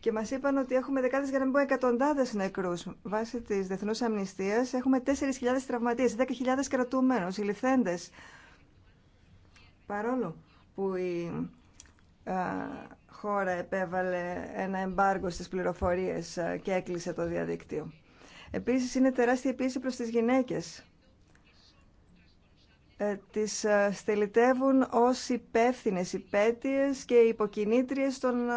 Και μας είπαν ότι έχουμε δεκάδες για να μην πω εκατοντάδες νεκρούς. Βάσει της Δεθνούς Αμνηστίας έχουμε 4.000 τραυματίες, 10.000 κρατούμενους, λιθέντες. Παρόλο που η α, χώρα επέβαλε ένα εμπάργο στις πληροφορίες και έκλεισε το διαδίκτυο. Επίσης είναι τεράστια επίση προς τις γυναίκες ε, τις ε, στελιτεύουν ως υπεύθυνε υπέτειες και υποκινήτριες των ε,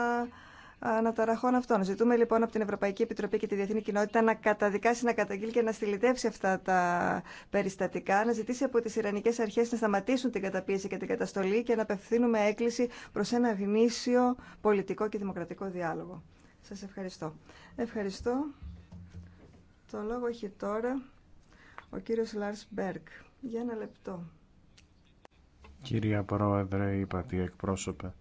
αναταραχών αυτών. Ζητούμε λοιπόν από την Ευρωπαϊκή Επιτροπή και τη Διεθνή Κοινότητα να καταδικάσει, να καταγγείλει και να στυλιτεύσει αυτά τα περιστατικά, να ζητήσει από τι Ιρανικέ Αρχέ να σταματήσουν την καταπίεση και την καταστολή και να απευθύνουμε έκκληση προ ένα γνήσιο πολιτικό και δημοκρατικό διάλογο. Σα ευχαριστώ. Ευχαριστώ. Το λόγο έχει τώρα ο κύριο Λάρ Μπέρκ. Για ένα λεπτό. Κυρία Πρόεδρε, είπατε εκπρόσωπε,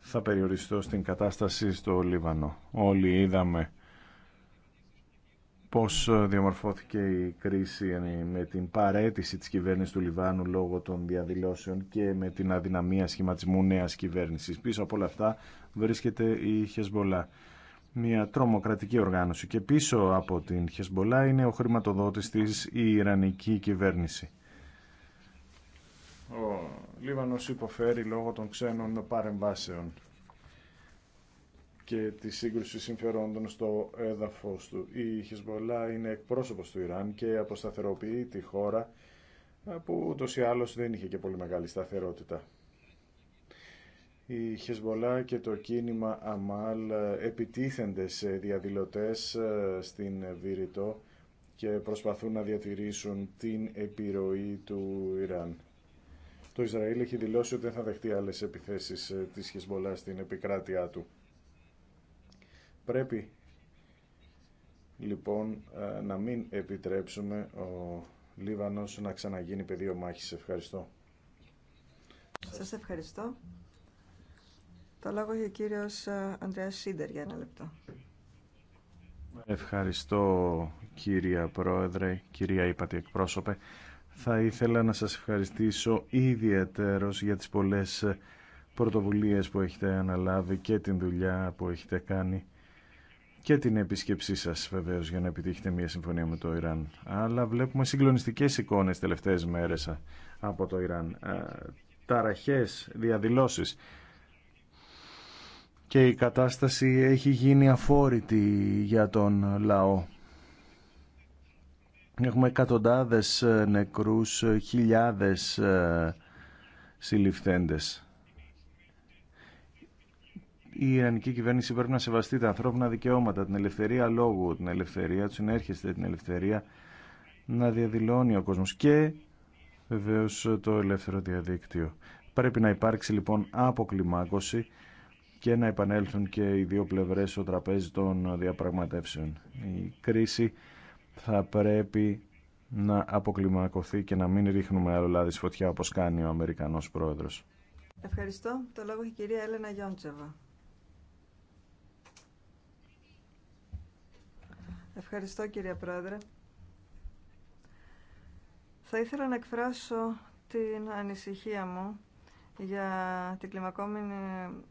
θα περιοριστώ στην κατάσταση στο Λίβανο. Όλοι είδαμε πώς διαμορφώθηκε η κρίση με την παρέτηση της κυβέρνησης του Λιβάνου λόγω των διαδηλώσεων και με την αδυναμία σχηματισμού νέας κυβέρνησης. Πίσω από όλα αυτά βρίσκεται η Χεσμολά μια τρομοκρατική οργάνωση και πίσω από την Χεσμολά είναι ο χρηματοδότης της η Ιρανική κυβέρνηση. Ο Λίβανος υποφέρει λόγω των ξένων παρεμβάσεων και τη σύγκρουση συμφερόντων στο έδαφος του. Η Χεσμολά είναι εκπρόσωπος του Ιράν και αποσταθεροποιεί τη χώρα που ούτως ή άλλως δεν είχε και πολύ μεγάλη σταθερότητα η Χεσμολά και το κίνημα Αμάλ επιτίθενται σε διαδηλωτές ε, στην Βηρητό και προσπαθούν να διατηρήσουν την επιρροή του Ιράν. Το Ισραήλ έχει δηλώσει ότι δεν θα δεχτεί άλλες επιθέσεις ε, της Χεσμολά στην επικράτειά του. Πρέπει λοιπόν ε, να μην επιτρέψουμε ο Λίβανος να ξαναγίνει πεδίο μάχης. Ευχαριστώ. Σας ευχαριστώ. Το λόγο έχει ο κύριος ε, Ανδρέας Σίντερ για ένα λεπτό. Ευχαριστώ κύρια Πρόεδρε, κυρία Ήπατη Εκπρόσωπε. Θα ήθελα να σας ευχαριστήσω ιδιαίτερος για τις πολλές ε, πρωτοβουλίες που έχετε αναλάβει και την δουλειά που έχετε κάνει και την επίσκεψή σας βεβαίως για να επιτύχετε μια συμφωνία με το Ιράν. Αλλά βλέπουμε συγκλονιστικές εικόνες τελευταίες μέρες ε, από το Ιράν. Ταραχές, διαδηλώσεις και η κατάσταση έχει γίνει αφόρητη για τον λαό. Έχουμε εκατοντάδες ε, νεκρούς, ε, χιλιάδες ε, συλληφθέντες. Η Ιρανική κυβέρνηση πρέπει να σεβαστεί τα ανθρώπινα δικαιώματα, την ελευθερία λόγου, την ελευθερία του συνέρχεστε, την ελευθερία να διαδηλώνει ο κόσμος και βεβαίως το ελεύθερο διαδίκτυο. Πρέπει να υπάρξει λοιπόν αποκλιμάκωση και να επανέλθουν και οι δύο πλευρές στο τραπέζι των διαπραγματεύσεων. Η κρίση θα πρέπει να αποκλιμακωθεί και να μην ρίχνουμε άλλο λάδι φωτιά όπως κάνει ο Αμερικανός Πρόεδρος. Ευχαριστώ. Το λόγο έχει η κυρία Έλενα Γιόντσεβα. Ευχαριστώ κυρία Πρόεδρε. Θα ήθελα να εκφράσω την ανησυχία μου για την κλιμακόμενη